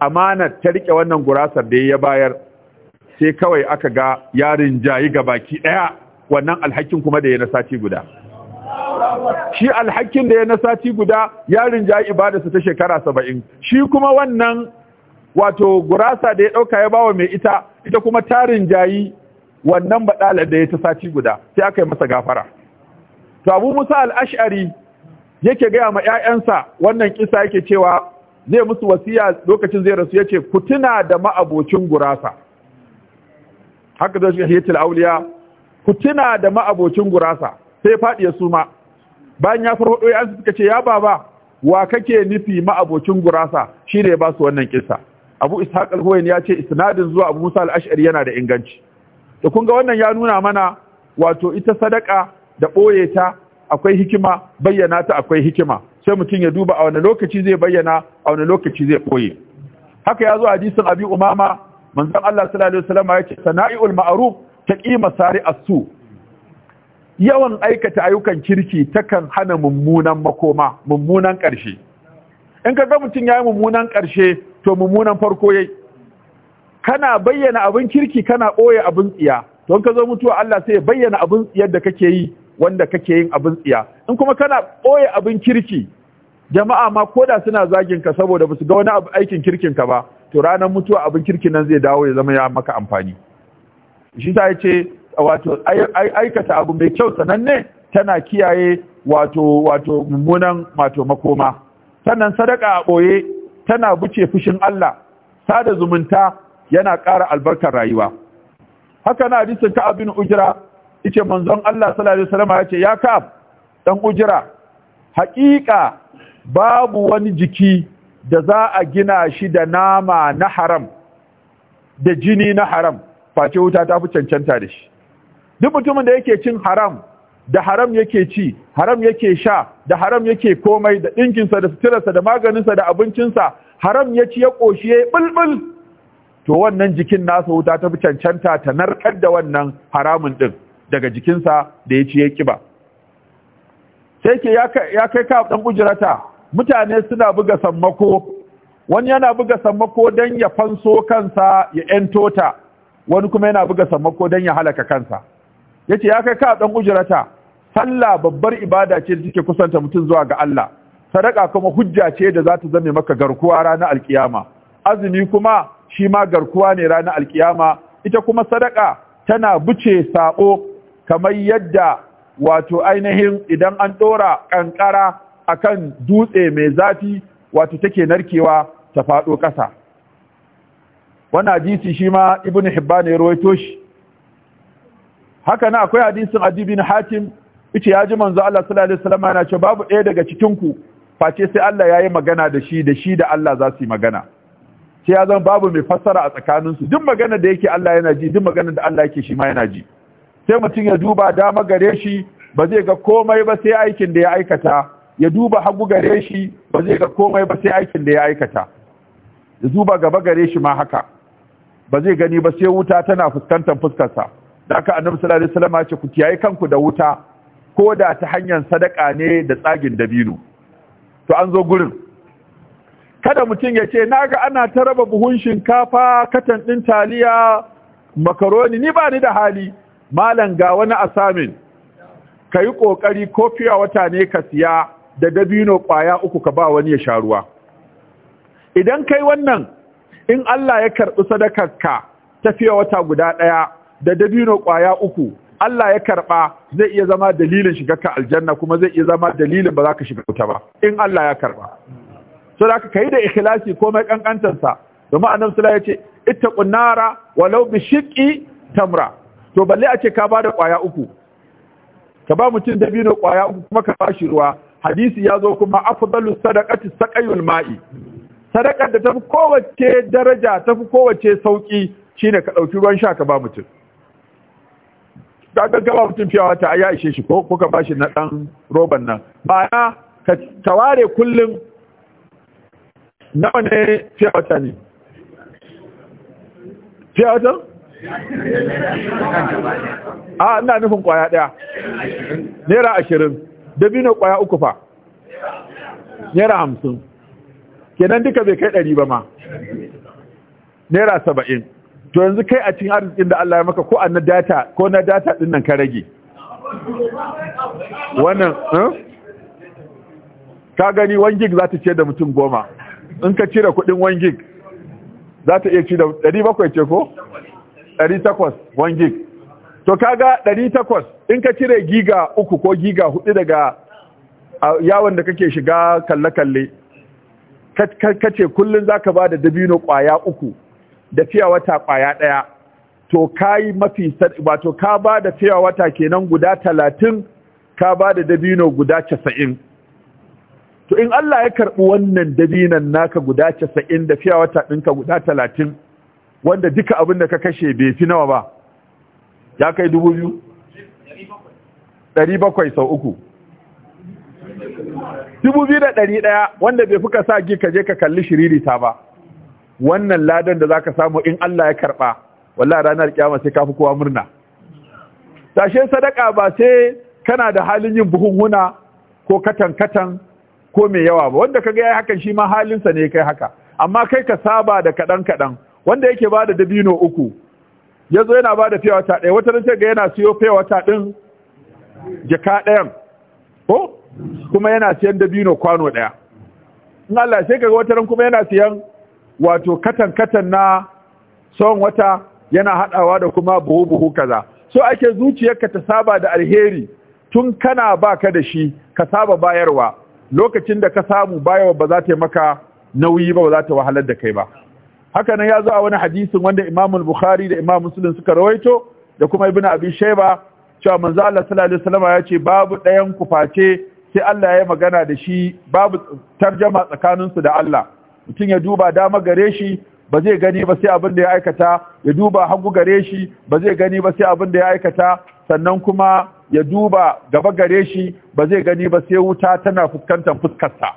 [SPEAKER 2] amanar ta rike wannan gurasar da ya bayar sai kawai aka ga yarin jayi ga baki daya wannan alhakin kuma da ya na sati guda shi alhakin da ya na sati guda yarin jayi ibadarsa ta shekara 70 shi kuma wannan wato gurasa da ya ɗauka ya bawa mai ita ita kuma tarin jayi wannan baɗalar da ya ta sati guda sai aka yi masa gafara to abu musa al'ashari yake gaya ma 'ya'yansa wannan kisa yake cewa zai musu wasiya lokacin zai rasu yace ku tuna da ma'abocin gurasa haka zai shiga hiyatul auliya ku tuna da ma'abocin gurasa sai faɗi ya suma bayan ya farfaɗo ya suka ce ya baba wa kake nufi ma'abocin gurasa shine ya ba su wannan kisa abu ishaq al-huwayn ya ce isnadin zuwa abu musa al-ash'ari yana da inganci to kun ga wannan ya nuna mana wato ita sadaka da boye ta akwai hikima bayyana ta akwai hikima sai mutum ya duba a wani lokaci zai bayyana a wani lokaci zai boye haka ya zo hadisin abi umama manzon Allah sallallahu alaihi wasallam ya ce sana'iul ma'ruf taqima sari asu. su yawan aikata ayyukan kirki takan hana mummunan makoma mummunan ƙarshe in ka ga mutum ya yi mummunan ƙarshe to mummunan farko yayi kana bayyana abin kirki kana ɓoye abin tsiya don ka zo mutuwa Allah sai ya bayyana abin tsiyar da kake yi wanda kake yin abin tsiya in kuma kana ɓoye abin kirki jama'a ma koda suna zagin ka saboda basu ga wani aikin kirkin ka ba to ranar mutuwa abin kirki nan zai dawo ya zama ya maka amfani shi ta ce wato aikata abu mai kyau sananne tana kiyaye wato wato mummunan wato makoma sannan sadaka a ɓoye tana buce fushin Allah sada zumunta yana ƙara albarkar rayuwa haka na hadisin ka abin ujira. yace manzon Allah sallallahu alaihi wasallam yace ya ka dan ujira. haƙiƙa babu wani jiki da za a gina shi da nama na haram da jini na haram face wuta ta fi cancanta da shi duk mutumin da yake cin haram da haram yake ci haram yake sha da haram yake komai da ɗinkinsa da suturarsa da maganinsa da abincinsa haram ya ci ya ƙoshi ya yi ɓulɓul to wannan jikin nasa wuta ta fi cancanta ta narkar da wannan haramun ɗin daga jikinsa da ya ci ya ƙiba sai ke ya kai ka ɗan ujirata mutane suna buga sammako wani yana buga sammako don ya fanso kansa ya ‘yanto ta wani kuma yana buga sammako don ya halaka kansa yace ya kai ka ɗan ujirata sallah babbar ibada ce da take kusanta mutum zuwa ga Allah sadaka kuma hujja ce da za ta zame maka garkuwa ranar alkiyama azumi kuma shi ma garkuwa ne ranar alkiyama ita kuma sadaka tana buce sabo kamar yadda wato ainihin idan an dora kankara akan dutse mai zafi wato take narkewa ta faɗo ƙasa Wani hadisi shi ma ibnu hibban ya rawaito shi haka na akwai hadisin adibin hatim yace ya ji manzo Allah sallallahu alaihi wasallam yana ce babu ɗaya daga cikin ku face sai Allah ya yi magana da shi da shi da Allah za su yi magana sai ya zan babu mai fassara a tsakanin su duk magana da yake Allah yana ji duk magana da Allah yake shi ma yana ji sai mutum ya duba dama gare shi ba zai ga komai ba sai aikin da ya aikata ya duba hagu gare shi ba zai ga komai ba sai aikin da ya aikata ya duba gaba gare shi ma haka ba zai gani ba sai wuta tana fuskantar fuskarsa da aka annabi sallallahu alaihi wasallam ya ce ku kiyaye kanku da wuta ko da ta hanyar sadaka ne da tsagin dabino to an zo gurin kada mutum ya ce na ga ana ta raba buhun shinkafa katan ɗin taliya makaroni ni ba ni da hali malam ga wani asamin ka yi ƙoƙari ko fiya wata ne ka siya da dabino ƙwaya uku ka ba wani ya sha ruwa idan kai wannan in Allah ya karɓi sadakarka ta fiya wata guda ɗaya da dabino ƙwaya uku Allah ya karɓa zai iya zama dalilin shiga ka aljanna kuma zai iya zama dalilin ba za ka shiga wuta ba in Allah ya karɓa. so da kai da ikhlasi komai kankantar sa domin annabi sallallahu yace ya ce ittaqun nara walau bi shiqqi tamra to balle a ce ka ba da kwaya uku ka ba mutum dabino kwaya uku kuma ka ba shi ruwa hadisi ya zo kuma afdalu sadaqati saqayul ma'i sadakar da tafi kowace daraja tafi kowace sauki shine ka dauki ruwan sha ka ba mutum ta gaggawa mutum fiyawa ta ya ishe shi ko kuka ba shi na ɗan roban nan ba ya ka ware kullum nawa ne fiyawa ta ne fiyawa ta? a ina nufin kwaya ɗaya naira ashirin dabino kwaya uku fa naira hamsin kenan duka bai kai ɗari ba ma naira saba'in to yanzu kai a cikin arzikin da Allah ya maka ko na data ko na data din nan ka rage
[SPEAKER 1] wannan eh?
[SPEAKER 2] ka gani 1 gig za ta ce da mutum goma in ka cire kudin 1 gig za ta iya ci da 700 ce ko 800 one gig to kaga 800 in ka cire giga uku ko giga hudu daga yawon da kake shiga kalle-kalle ka ce kullum za ka ba da dabino kwaya uku da fiya wata kwaya ɗaya to yi mafi wato ka ba da fiya wata kenan guda talatin ka ba da dabino guda casa'in to in Allah ya karɓi wannan dabinan naka guda casa'in da fiya wata ɗinka guda talatin wanda duka abin da ka kashe bai fi nawa ba ya kai dubu biyu ɗari bakwai sau uku dubu biyu da ɗari ɗaya wanda bai fuka sa gi ka je ka kalli shiririta ba wannan ladan da zaka samu in Allah ya karba wallahi ranar kiyama sai kafi kowa murna tashe sadaka ba sai kana da halin yin buhunhuna ko katan katan ko mai yawa ba wanda kaga yayi hakan shi ma halinsa ne kai haka amma kai ka saba da kadan kadan wanda yake ba da dabino uku yazo yana ba da fiyawata ɗaya wata ce ga yana siyo fiyawata ɗin jaka ɗayan ko kuma yana siyan dabino kwano ɗaya in Allah sai kaga wata ran kuma yana siyan wato katan katan na tsawon wata yana haɗawa da kuma buhu buhu kaza so ake zuciyarka ta saba da alheri tun kana ba ka da shi ka saba bayarwa lokacin da ka samu bayarwa ba za ta yi maka nauyi ba ba za ta wahalar da kai ba haka nan ya zo a wani hadisin wanda Imam Bukhari da Imam Muslim suka rawaito da kuma Ibn Abi Shayba cewa manzo Allah sallallahu alaihi wasallam ya ce babu ɗayan ku face sai Allah ya yi magana da shi babu tarjama tsakaninsu da Allah mutum ya duba dama gare shi ba zai gani ba sai abin da ya aikata ya duba hagu gare shi ba zai gani ba sai abin da ya aikata sannan kuma ya duba gaba gare shi ba zai gani ba sai wuta tana fuskantar fuskarsa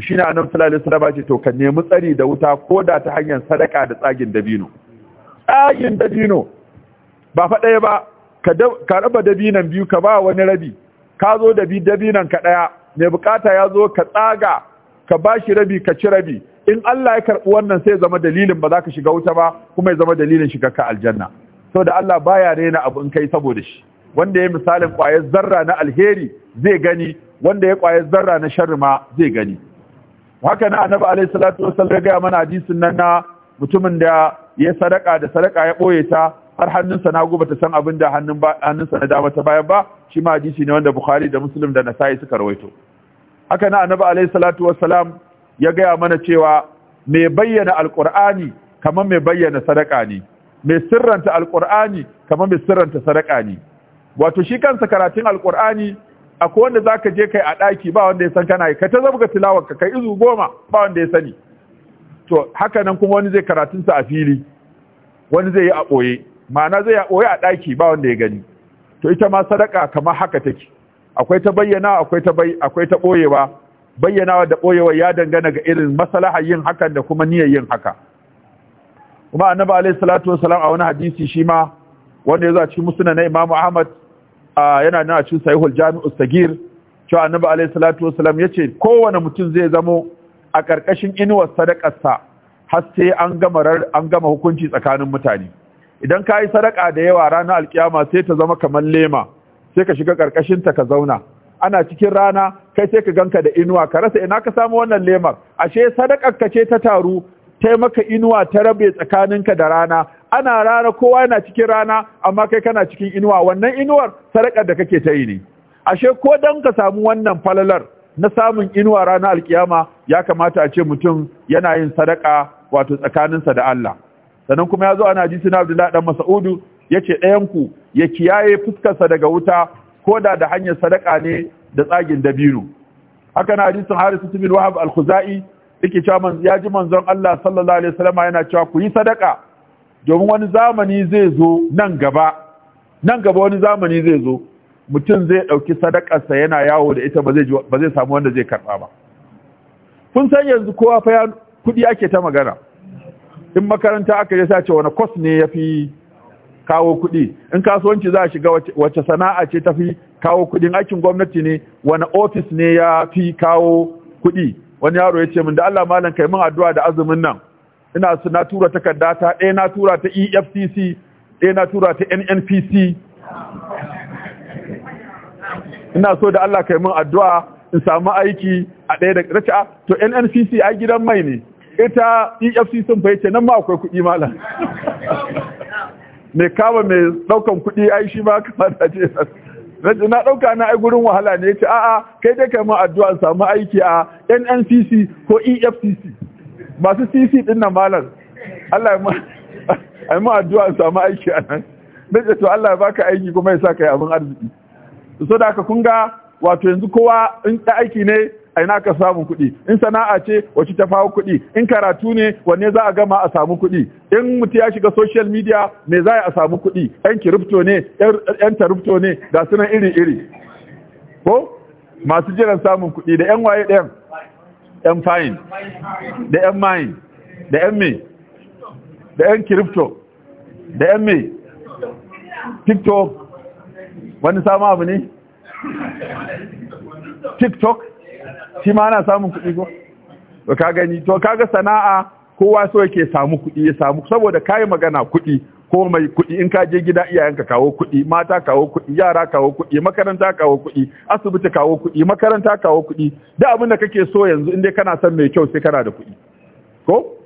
[SPEAKER 2] shi ne annabi sallallahu alaihi wasallam ce to ka nemi tsari da wuta ko da ta hanyar sadaka da tsagin dabino tsagin dabino ba fa ɗaya ba ka raba dabinan biyu ka ba wani rabi ka zo da bi dabinan ka ɗaya mai bukata ya zo ka tsaga ka ba shi rabi ka ci rabi in Allah ya karɓi wannan sai zama dalilin ba za ka shiga wuta ba kuma ya zama dalilin shiga ka aljanna da Allah baya rena abu in kai saboda shi wanda ya misalin kwayar zarra na alheri zai gani wanda ya kwayar zarra na sharri ma zai gani haka na annabi alayhi salatu wasallam ga mana hadisin nan na mutumin da ya sadaka da sadaka ya boye ta har hannunsa na gobe ta san abin da hannunsa na dama ta bayan ba shi ma hadisi ne wanda Bukhari da Muslim da Nasa'i suka rawaito haka na annabi alayhi salatu wassalam ya gaya mana cewa mai bayyana alqur'ani kamar mai bayyana sadaka ne mai sirranta alqur'ani kamar mai sirranta sadaka ne wato shi kansa karatun alqur'ani akwai wanda zaka je kai a daki ba wanda ya san kana yi ka ta zabga tilawar ka kai izu goma ba wanda ya sani to haka nan kuma wani zai karatun sa a fili wani zai yi a ɓoye ma'ana zai yi a ɓoye a ɗaki ba wanda ya gani to ita ma sadaka kamar haka take akwai ta bayyana akwai ta bay akwai ta boyewa bayyanawa da boyewa ya dangana ga irin maslaha yin hakan da kuma niyyar yin haka kuma annabi alayhi salatu wasalam a wani hadisi shi ma wanda ya zo a cikin musnad na Imam Ahmad yana nan a cikin Sahihul Jami'u Sagir cewa annabi alayhi salatu wasalam yace kowane mutum zai zamo a karkashin inuwar sadakarsa har sai an gama an gama hukunci tsakanin mutane idan ka yi sadaka da yawa ranar alkiyama sai ta zama kamar lema sai ka shiga karkashin ta ka zauna ana cikin rana kai sai ka ganka da inuwa ka rasa ina ka samu wannan lemar ashe sadakar ka ce ta taru tai maka inuwa ta rabe tsakaninka da rana ana rana kowa yana cikin rana amma kai kana cikin inuwa wannan inuwar sadakar da kake ta yi ne ashe ko dan ka samu wannan falalar na samun inuwa ranar alkiyama ya kamata a ce mutum yana yin sadaka wato tsakaninsa da Allah sannan kuma ya zo ana ji suna Abdullahi dan Mas'udu yace ɗayan ku ya kiyaye fuskarsa daga wuta ko da da hanyar sadaka ne da tsagin dabino haka na hadisin Harisu bin Wahab al-Khuzai yake cewa ya ji manzon Allah sallallahu alaihi wasallam yana cewa ku yi sadaka domin wani zamani zai zo nan gaba nan gaba wani zamani zai zo mutum zai dauki sadakarsa yana yawo da ita ba zai ba samu wanda zai karɓa ba kun san yanzu kowa fa ya kudi ake ta magana in makaranta aka yi sace wani kwas ne yafi kawo kuɗi in kasuwanci za a shiga wace sana'a ce tafi kawo kuɗi aikin gwamnati ne wani ofis ne ya fi kawo kuɗi wani yaro ya ce min da Allah malam kai mun addu'a da azumin nan ina su na tura takarda ta ɗaya na tura ta EFCC ɗaya na tura ta NNPC ina so da Allah kai mun addu'a in samu aiki a ɗaya da race ah, to NNPC ai gidan mai ne ita EFCC sun fa yace nan ma akwai kuɗi malam <laughs> mai kama mai daukan kuɗi ai shi ma da <laughs> ce na na ɗauka na ai gurin wahala ne a a'a kai dai kai mu addu'a samu aiki a NNCC ko EFCC masu CC din nan malam Allah ya mu <laughs> addu'a samu aiki a nan nace to Allah ya baka aiki kuma ya saka kai abin arziki so da ka kun ga wato yanzu kowa in da aiki ne a ina ka samu kuɗi in sana'a ce wacce ta fawo kuɗi in karatu ne wanne za a gama a samu kuɗi in mutu ya shiga social media me za a samu kuɗi yan kiripto ne yan tarifto ne ga sunan iri iri ko masu jiran samun kuɗi da yan waye ɗayan yan fayin da yan mayin da yan me da yan kiripto da yan me tiktok wani samu abu ne tiktok shi ma ana samun kuɗi ko to ka gani to kaga sana'a kowa so yake samu kuɗi ya samu saboda kai magana kuɗi ko mai kuɗi in ka je gida iyayenka kawo kuɗi mata kawo kuɗi yara kawo kuɗi makaranta kawo kuɗi asibiti kawo kuɗi makaranta kawo kuɗi duk abin da kake so yanzu in dai kana son mai kyau sai kana da kuɗi ko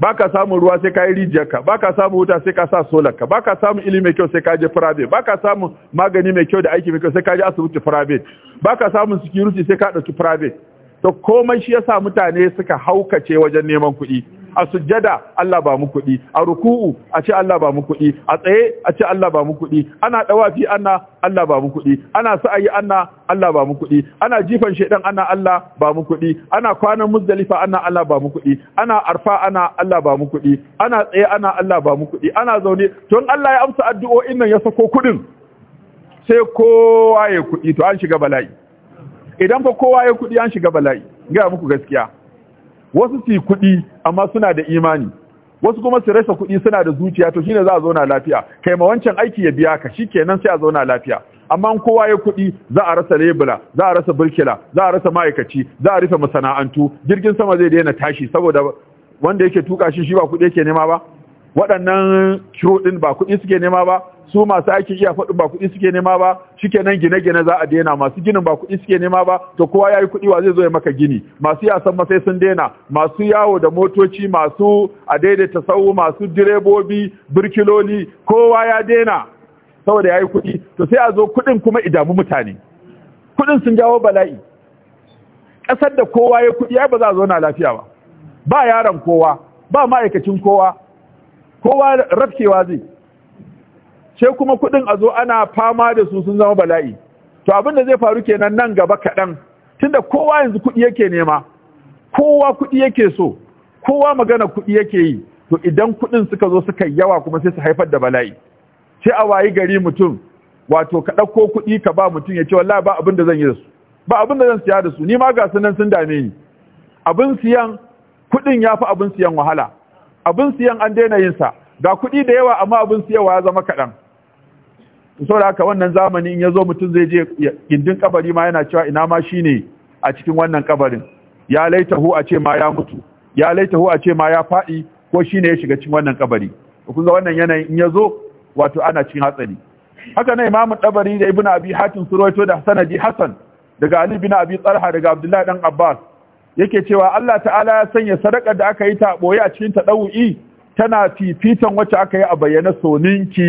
[SPEAKER 2] baka samun ruwa sai ka yi rijiyarka baka samun wuta sai ka sa solarka baka samun ilimi mai kyau sai ka je private baka samun magani mai kyau da aiki mai kyau sai ka je asibiti private baka samun security sai ka dauki private to komai shi yasa mutane suka haukace wajen neman kuɗi a sujjada Allah ba mu kuɗi a ruku'u a ce Allah ba mu kuɗi a tsaye a ce Allah ba mu kuɗi ana dawafi ana Allah ba mu kuɗi ana sa'ayi ana Allah ba mu kuɗi ana jifan shedan ana Allah ba mu kuɗi ana kwanan muzdalifa ana Allah ba mu kuɗi ana arfa ana Allah ba mu kuɗi ana tsaye ana Allah ba mu kuɗi ana zaune don Allah ya amsa addu'o'in nan ya sako kuɗin sai kowa ya kuɗi to an shiga bala'i idan fa kowa ya kuɗi an shiga bala'i ga muku gaskiya wasu su kuɗi amma suna da imani wasu kuma su rasa kuɗi suna da zuciya to shine za a zauna lafiya kai ma wancan aiki ya biya ka shikenan sai a zauna lafiya amma in kowa ya kuɗi za a rasa lebula za a rasa burkila za a rasa ma'aikaci za a rufe masana'antu jirgin sama zai daina tashi saboda wanda yake tuka shi shi ba kuɗi yake nema ba waɗannan kiro ba kuɗi suke nema ba su masu aikin iya faɗi ba kuɗi suke nema ba nan gine-gine za a daina masu ginin ba kuɗi suke nema ba to kowa ya yi kuɗi wa zai zo ya maka gini masu yasan masai sun daina masu yawo da motoci masu a daidaita sau masu direbobi birkiloli kowa ya daina saboda ya yi kuɗi to sai a zo kuɗin kuma idamu mutane kuɗin sun jawo bala'i ƙasar da kowa ya kuɗi ya ba za a zo na lafiya ba ba yaron kowa ba ma'aikacin kowa kowa rafkewa zai sai kuma kuɗin a zo ana fama da su sun zama bala'i to abin da zai faru kenan nan gaba kaɗan tunda kowa yanzu kuɗi yake nema kowa kuɗi yake so kowa magana kuɗi yake yi to idan kuɗin suka zo suka yawa kuma sai su haifar da bala'i sai a wayi gari mutum wato ka ɗauko kuɗi ka ba mutum ya ce wallahi ba abin da zan yi da su ba abin da zan siya da su ni ma ga sunan sun dame ni abin siyan kuɗin ya fi abin siyan wahala abin siyan an daina yin sa ga kuɗi da yawa amma abin siyawa ya zama kaɗan saboda haka wannan zamani in ya zo mutum zai je gindin kabari ma yana cewa ina ma shine a cikin wannan kabarin ya laitahu a ce ma ya mutu ya laitahu a ce ma ya faɗi ko shine ya shiga cikin wannan kabari kun ga wannan yanayin in ya zo wato ana cikin hatsari haka na imamu dabari da ibnu abi hatim su da sanadi hasan daga ali bin abi tsarha daga abdullahi dan abbas yake cewa Allah ta'ala ya sanya sadakar da aka yi ta boye a cikin dawu'i tana fifitan wacce aka yi a bayyana soninki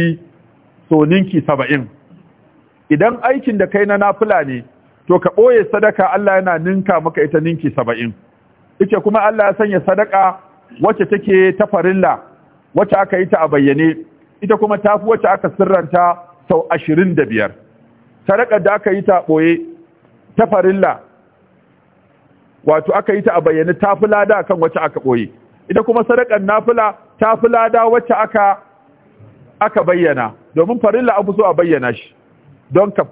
[SPEAKER 2] soninki saba'in idan aikin da kai na nafila ne to ka boye sadaka Allah yana ninka maka ita ninki saba'in yake kuma Allah ya sanya sadaka wacce take ta farilla wacce aka yi ta a bayyane ita kuma tafi wacce aka sirranta sau ashirin da biyar sadakar da aka yi ta boye ta farilla wato aka yi ta a bayyana ta fi lada wacce aka ɓoye ita kuma sadakar nafila ta fi lada wacce aka aka bayyana domin farilla an fi so a bayyana shi don ka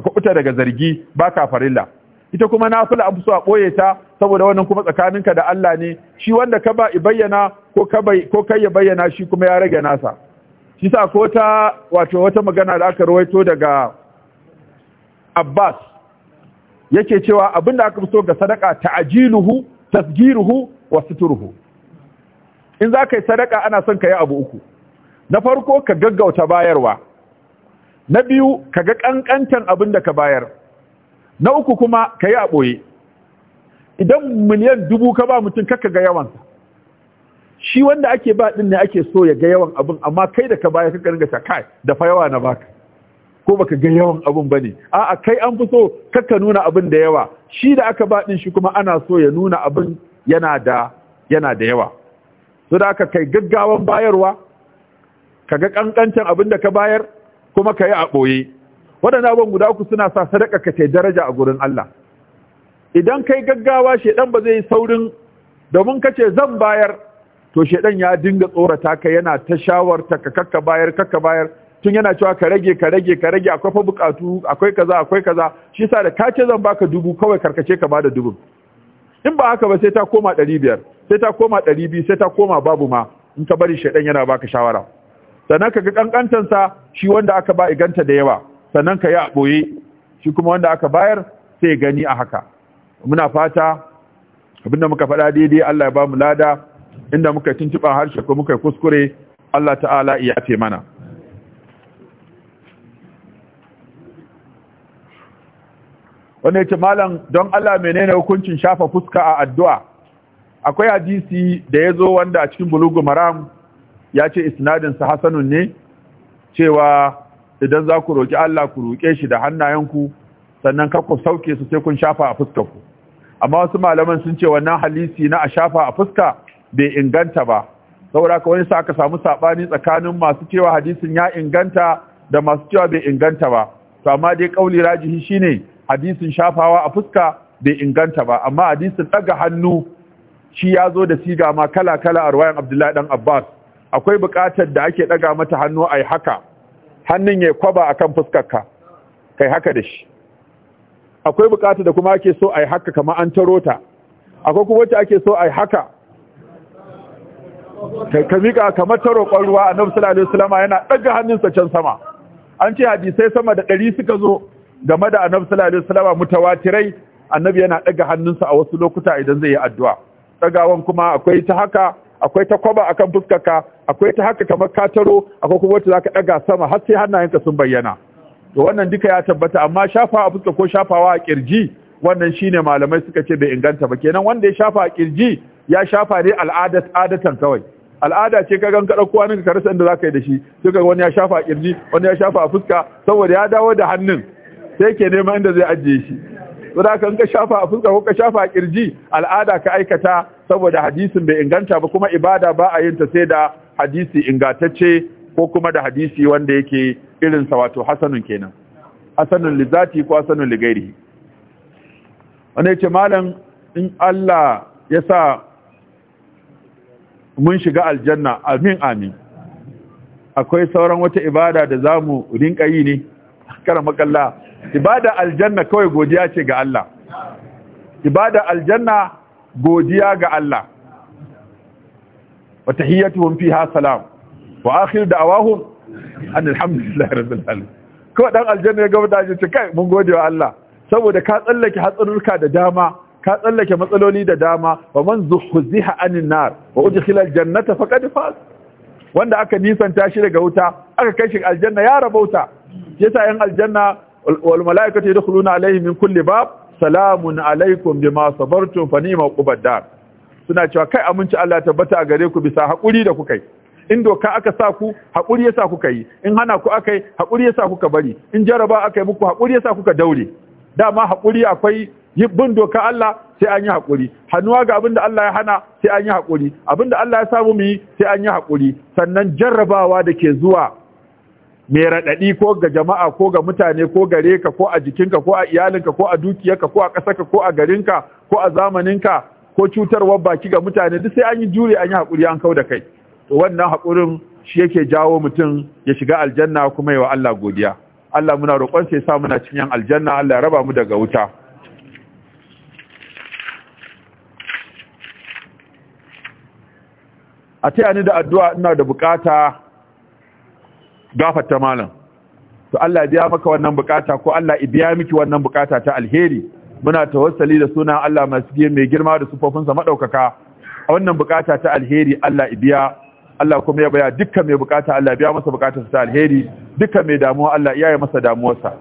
[SPEAKER 2] kubuta daga zargi baka farilla ita kuma nafila an fi so a ɓoye ta saboda wannan kuma tsakaninka da Allah ne shi wanda ka ba bayyana ko ka bai ko kai ya bayyana shi kuma ya rage nasa shi sa ko ta wato wata magana da aka rawaito daga Abbas yake cewa abin da aka fi so ga sadaka ta'jiluhu tasgiruhu wa suturuhu in za ka yi sadaka ana son ka yi abu uku na farko ka gaggauta bayarwa na biyu ka ga kankantan abin da ka bayar na uku kuma ka yi a ɓoye idan miliyan dubu ka ba mutum kaka ga yawan shi wanda ake ba ɗin ne ake so ya ga yawan abin amma kai da ka bayar kaka ringa ta kai da fa yawa na baka ko baka ga yawan abun bane a'a kai an fi so kakka nuna abin da yawa shi da aka ba din shi kuma ana so ya nuna abin yana da yawa so da aka kai gaggawan bayarwa ka ga kankancin abin da ka bayar kuma ka yi a ɓoye waɗannan abin guda uku suna sa sadaka ka ce daraja a gurin Allah idan kai gaggawa shedan ba zai saurin domin ka ce zan bayar to shedan ya dinga tsorata ka yana ta shawarta ka kakka bayar kakka bayar tun yana cewa ka rage ka rage ka rage akwai fa bukatu akwai kaza akwai kaza shi sa da ka zan baka dubu kawai karkace ka bada dubu in ba haka ba sai ta koma ɗari biyar sai ta koma 200 sai ta koma babu ma in ka bari shaidan yana baka shawara sannan ka ga sa shi wanda aka ba iganta da yawa sannan ka yi a shi kuma wanda aka bayar sai gani a haka muna fata abinda muka faɗa daidai Allah ya ba mu lada inda muka tuntuɓa harshe ko muka kuskure Allah ta'ala ya ce mana wanda ya ce malam don Allah menene hukuncin shafa fuska a addu'a akwai hadisi da ya zo wanda a cikin bulugu maram ya ce isnadinsa hasanun ne cewa idan za ku roƙi Allah ku roƙe shi da hannayenku sannan kar ku sauke su sai kun shafa a fuska ku. amma wasu malaman sun ce wannan halisi na a shafa a fuska bai inganta ba saboda ka wani sa aka samu sabani tsakanin masu cewa hadisin ya inganta da masu cewa bai inganta ba to amma dai kauli rajihi shine hadisin shafawa a fuska bai inganta ba amma hadisin daga hannu shi ya zo da siga ma kala kala a ruwayan abdullahi dan abbas akwai buƙatar da ake daga mata hannu ai haka hannun ya kwaba akan fuskarka kai haka da shi akwai buƙatar da kuma ake so ai haka kamar an taro ta akwai kuma wacce ake so ai haka ka miƙa kamar taro roƙon ruwa annabi sallallahu alaihi wasallam yana ɗaga hannunsa can sama an ce hadisai sama da ɗari suka zo game da annabi sallallahu alaihi wasallam mutawatirai annabi yana daga hannunsa a wasu lokuta idan zai yi addu'a dagawan kuma akwai ta haka akwai ta kwaba akan fuskarka akwai ta haka kamar kataro akwai kuma wata zaka daga sama har sai hannayenka sun bayyana to wannan duka ya tabbata amma shafa a fuska ko shafawa a kirji wannan shine malamai suka ce bai inganta ba kenan wanda ya shafa a kirji ya shafa ne al'adat adatan kawai al'ada ce ka ganka kuwa ninka ka rasa inda za yi da shi sai wani ya shafa a kirji wani ya shafa a fuska saboda ya dawo da hannun sai ke neman inda zai ajiye shi wanda ka ka shafa a fuska ko ka shafa a kirji al'ada ka aikata saboda hadisin bai inganta ba kuma ibada ba a yin ta sai da hadisi ingantacce ko kuma da hadisi wanda yake irin sa wato hasanun kenan hasanun lizati ko hasanun ligairi wanda yace malam in Allah ya sa mun shiga aljanna amin amin akwai sauran wata ibada da zamu rinka yi ne karan makalla ibada aljanna kawai godiya ce ga Allah ibada aljanna godiya ga Allah wa tahiyyatuhum fiha salam wa akhir da'awahum alhamdulillahi rabbil alamin kawai dan aljanna ya gaba da ce kai mun gode wa Allah saboda ka tsallake hatsarurka da dama ka tsallake matsaloli da dama wa man zuhziha anin nar wa udkhila aljannata faqad faz wanda aka nisan tashi daga wuta aka kai shi aljanna ya rabauta yasa yan aljanna wal malaikatu yadkhuluna alaihim min kulli bab salamun alaikum bima sabartum fa ni'ma suna cewa kai aminci Allah tabbata a gare ku bisa hakuri da kukai. in doka aka sa ku hakuri yasa kuka yi in hana ku akai, yi hakuri yasa kuka bari in jaraba aka muku hakuri yasa kuka daure dama hakuri akwai bin doka Allah sai an yi hakuri hannuwa ga abinda Allah ya hana sai an yi hakuri abinda Allah ya samu mu yi sai an yi hakuri sannan jarrabawa da ke zuwa mai raɗaɗi ko ga jama'a ko ga mutane ko gare ka ko a jikinka ko a iyalinka ko a dukiyarka ko a ƙasarka ko a garinka ko a zamaninka ko cutarwar baki ga mutane duk sai an yi jure an yi haƙuri an kau da kai to wannan haƙurin shi yake jawo mutum ya shiga aljanna kuma yi wa Allah godiya Allah muna roƙon sai sa muna cikin aljanna Allah ya raba mu daga wuta a taya ni da addu'a ina da bukata gafarta malam to Allah ya biya maka wannan bukata ko Allah biya miki wannan bukata ta alheri muna tawassali da sunan Allah masu mai girma da sufofinsa madaukaka a wannan bukata ta alheri Allah biya Allah kuma ya baya dukkan mai bukata Allah ya biya masa bukatarsa ta alheri dukkan mai damuwa Allah ya yi masa damuwarsa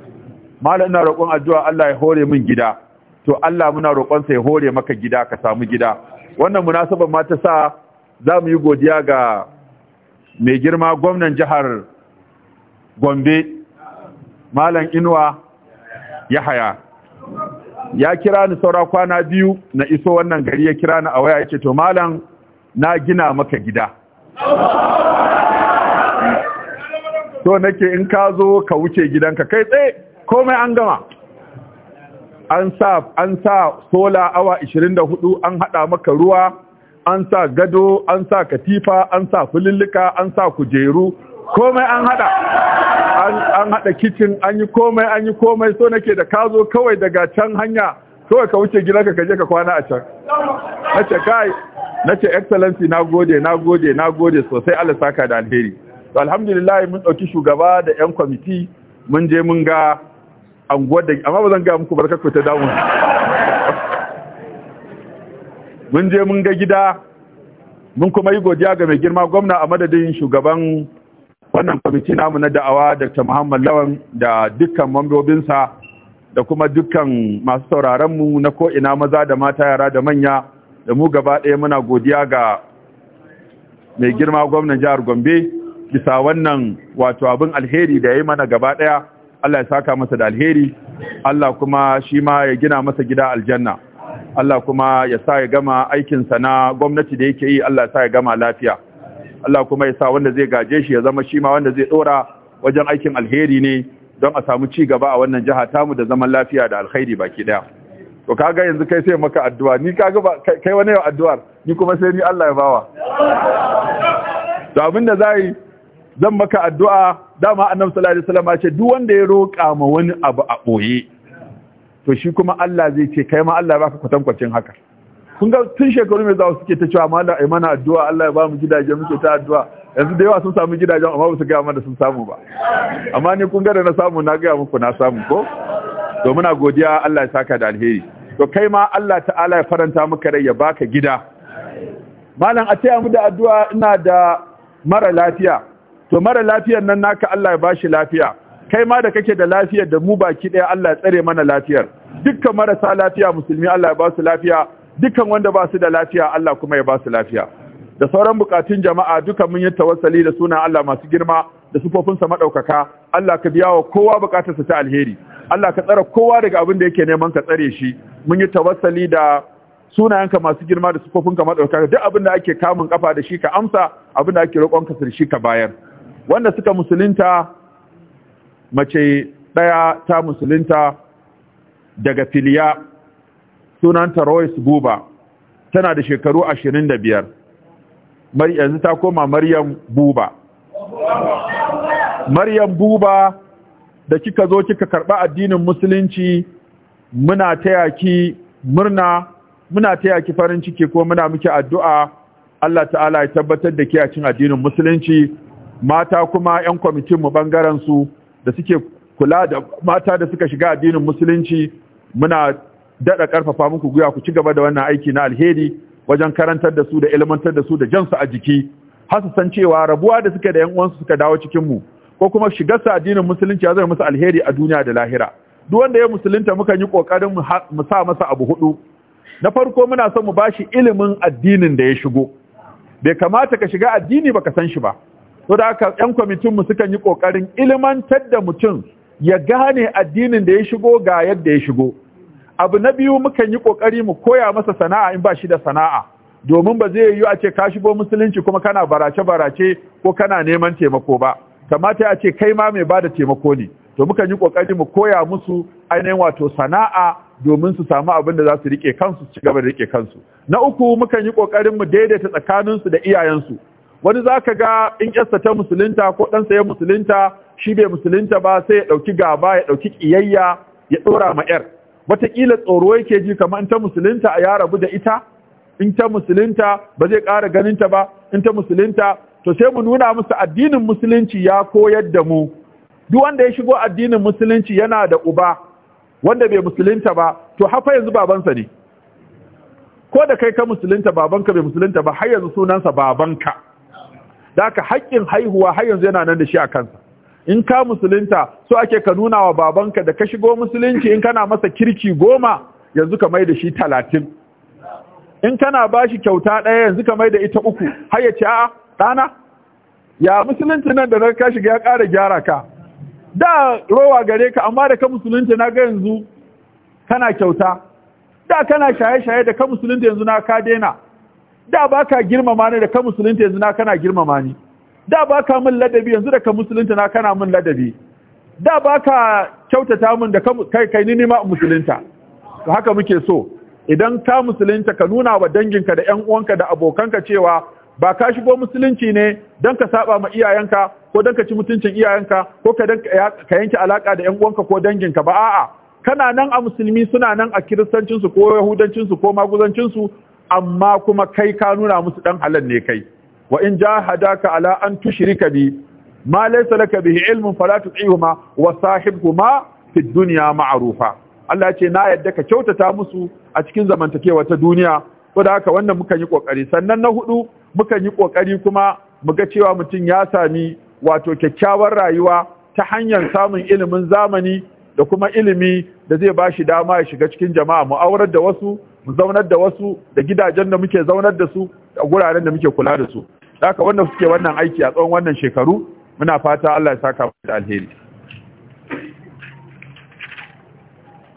[SPEAKER 2] malam ina roƙon addu'a Allah ya hore min gida to Allah muna roƙon sa ya hore maka gida ka samu gida wannan munasabar ma ta sa za mu yi godiya ga mai girma gwamnan jihar gombe malam inuwa ya haya ya kira ni saura kwana biyu na iso wannan gari ya kira ni a waya yake to malam na gina maka gida to nake in ka zo ka wuce gidanka kai tsaye komai an gama an sa an sa sola awa 24 an hada maka ruwa an sa gado an sa katifa an sa fulillika an sa kujeru komai an hada an hada kitchen an yi komai an yi komai so nake da ka zo kawai daga can hanya kawai ka wuce gidanka ka je ka kwana a can nace kai nace excellency nagode nagode nagode sosai Allah saka da alheri to alhamdulillah mun dauki shugaba da yan committee mun je mun ga anguwar da amma ba zan ga muku barkar ku ta damu mun je mun ga gida mun kuma yi godiya ga mai girma gwamna a madadin shugaban wannan kwamiti namu na da'awa dr muhammad lawan da dukkan mambobinsa da kuma dukkan masu sauraronmu na ko'ina maza da mata yara da manya da mu gaba ɗaya muna godiya ga mai girma gwamnan jihar gombe bisa wannan wato abin alheri da ya yi mana gaba ɗaya allah ya saka masa da alheri allah kuma shi ma ya gina masa gida aljanna allah kuma ya sa ya gama aikinsa na gwamnati da yake yi allah ya sa ya gama lafiya Allah kuma ya sa wanda zai gaje shi ya zama shi ma wanda zai dora wajen aikin alheri ne don a samu ci gaba a wannan jiha tamu da zaman lafiya da alkhairi baki daya to kaga yanzu kai sai maka addu'a ni kaga ba kai wani yau addu'ar ni kuma sai ni Allah ya bawa to abin da zai zan maka addu'a dama annabi sallallahu alaihi wasallam ya ce duk wanda ya roƙa ma wani abu a boye to shi kuma Allah zai ce kai ma Allah ya baka kwatankwacin haka kun ga tun shekaru mai zawo suke ta cewa ma da mana addu'a Allah ya ba mu gidaje muke ta addu'a yanzu da yawa sun samu gidajen amma ba su gaya mana sun samu ba amma ni kun ga da na samu na gaya muku na samu ko to muna godiya Allah ya saka da alheri to kai ma Allah ta'ala ya faranta maka rai ya baka gida malam a taya mu da addu'a ina da mara lafiya to mara lafiyar nan naka Allah ya bashi lafiya kai ma da kake da lafiyar da mu baki daya Allah ya tsare mana lafiyar dukkan marasa lafiya musulmi Allah ya ba su lafiya dukan wanda ba su da lafiya Allah kuma ya ba su lafiya da sauran bukatun jama'a duka mun yi tawassali da sunan Allah masu girma da sufofinsa madaukaka Allah ka biya wa kowa bukatarsa ta alheri Allah ka tsara kowa daga abin da yake neman ka tsare shi mun yi tawassali da sunayenka masu girma da sufofinka maɗaukaka. duk abin da ake kamun kafa da shi ka amsa abin da ake roƙon ka shi ka bayar wanda suka musulunta mace daya ta musulunta daga filiya sunanta Royce Buba tana da shekaru ashirin da 25 yanzu ta koma Maryam Buba Maryam Buba da kika zo kika karba addinin musulunci muna taya ki murna muna taya ki farin ciki ko muna miki addu'a Allah ta'ala ya tabbatar da ke a cin addinin musulunci mata kuma 'yan kwamitin mu bangaren su da suke kula da mata da suka shiga addinin musulunci muna daɗa karfafa muku guya ku ci gaba da wannan aiki na alheri wajen karantar da su da ilmantar da su da jansu a jiki har su san cewa rabuwa da suke da yan uwansu suka dawo cikin mu ko kuma shigar su addinin musulunci ya zama musu alheri a duniya da lahira duk wanda ya musulunta muka yi kokarin mu sa masa abu hudu na farko muna son mu bashi ilimin addinin da ya shigo bai kamata ka shiga addini baka san shi ba to da haka yan kwamitin mu suka yi kokarin ilmantar da mutum ya gane addinin da ya shigo ga yadda ya shigo abu na biyu mukan yi kokari mu koya masa sana'a in ba shi da sana'a domin ba zai yiwu a ce ka shigo musulunci kuma kana barace barace ko kana neman taimako ba kamata a ce kai ma mai bada taimako ne to mukan yi kokari mu koya musu ainihin wato sana'a domin su samu abin da za su rike kansu ci gaba da rike kansu na uku mukan yi kokarin mu daidaita tsakanin su da iyayensu wani za ka ga in yarsa ta musulunta ko ɗansa ya musulunta shi bai musulunta ba sai ya ɗauki gaba ya ɗauki ƙiyayya ya ɗora ma 'yar wataƙila tsoro yake ji kamar in ta musulunta a ya rabu da ita in ta musulunta ba zai ƙara ganinta ba in ta musulunta to sai mu nuna musu addinin musulunci ya koyar da mu duk wanda ya shigo addinin musulunci yana da uba wanda bai musulunta ba to hafa yanzu babansa ne ko da kai ka musulunta babanka bai musulunta ba har yanzu sunansa babanka da haka haƙƙin haihuwa har yanzu yana nan da shi a kansa in ka musulunta so ake ka nuna wa babanka da ka shigo musulunci in kana masa kirki goma yanzu ka mai da shi talatin in kana ba shi kyauta ɗaya yanzu ka mai da ita uku har ya ce a'a ɗana ya musulunci nan da ka shiga ya ƙara gyara ka da rowa gare ka amma da ka musulunci na ga yanzu kana kyauta da kana shaye-shaye da ka musulunci yanzu na ka daina da ba ka girmama ni da ka musulunci yanzu na kana girmama ni da ba ka min ladabi yanzu da ka musulunta na kana min ladabi da ba ka kyautata min da kai kai ni nima musulunta haka muke so idan ka musulunta ka nuna wa danginka da yan uwanka da abokanka cewa ba ka shigo musulunci ne don ka saba ma iyayenka ko don ka ci mutuncin iyayenka ko ka yanke alaka da yan uwanka ko danginka ba a'a kana nan a musulmi suna nan a kiristancinsu ko yahudancinsu ko maguzancinsu amma kuma kai ka nuna musu dan halal ne kai wa in jahadaka ala an tushrika bi ma laysa laka bihi ilmun fala tu'ihuma wa sahibhuma fi dunya ma'rufa Allah ce na yadda ka kyautata musu a cikin zamantakewa ta duniya saboda haka wannan mukan yi kokari sannan na hudu mukan yi kokari kuma muga cewa mutum ya sami wato kyakkyawar rayuwa ta hanyar samun ilimin zamani da kuma ilimi da zai ba shi dama ya shiga cikin jama'a mu aurar da wasu mu zaunar da wasu da gidajen da muke zaunar da su da guraren da muke kula da su haka wanda suke wannan aiki a tsawon wannan shekaru muna fata Allah ya saka mu da alheri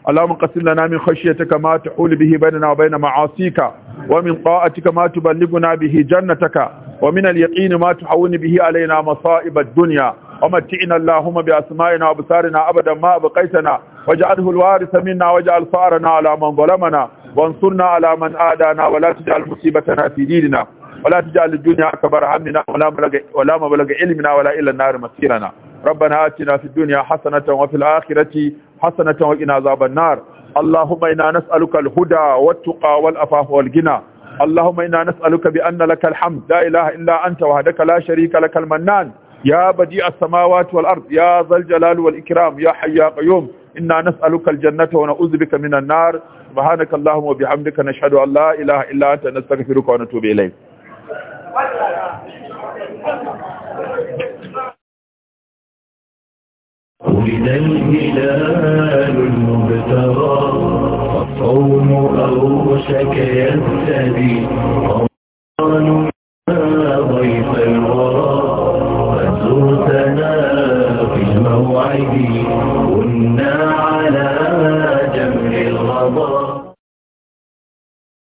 [SPEAKER 2] اللهم قسم لنا من خشيتك ما تحول به بيننا وبين معاصيك ومن طاعتك ما تبلغنا به جنتك ومن اليقين ما تحون به علينا مصائب الدنيا ومتعنا اللهم بأسمائنا وبصارنا أبدا ما أبقيتنا واجعله الوارث منا واجعل ثارنا على من ظلمنا وانصرنا على من آدانا ولا تجعل مصيبتنا في ديننا ولا تجعل الدنيا أكبر همنا ولا مبلغ, ولا مبلغ علمنا ولا إلى النار مسيرنا ربنا آتنا في الدنيا حسنة وفي الآخرة حسنة وقنا عذاب النار اللهم إنا نسألك الهدى والتقى والأفاه والغنى اللهم إنا نسألك بأن لك الحمد لا إله إلا أنت وحدك لا شريك لك المنان يا بديع السماوات والأرض يا ذا الجلال والإكرام يا حي يا قيوم إنا نسألك الجنة ونعوذ بك من النار سبحانك اللهم وبحمدك نشهد أن لا إله إلا أنت نستغفرك ونتوب إليك ولد
[SPEAKER 1] الهلال المبتغى الصوم أوشك يبتدي رمضان ضيف الورى قد زرتنا في الموعد كنا على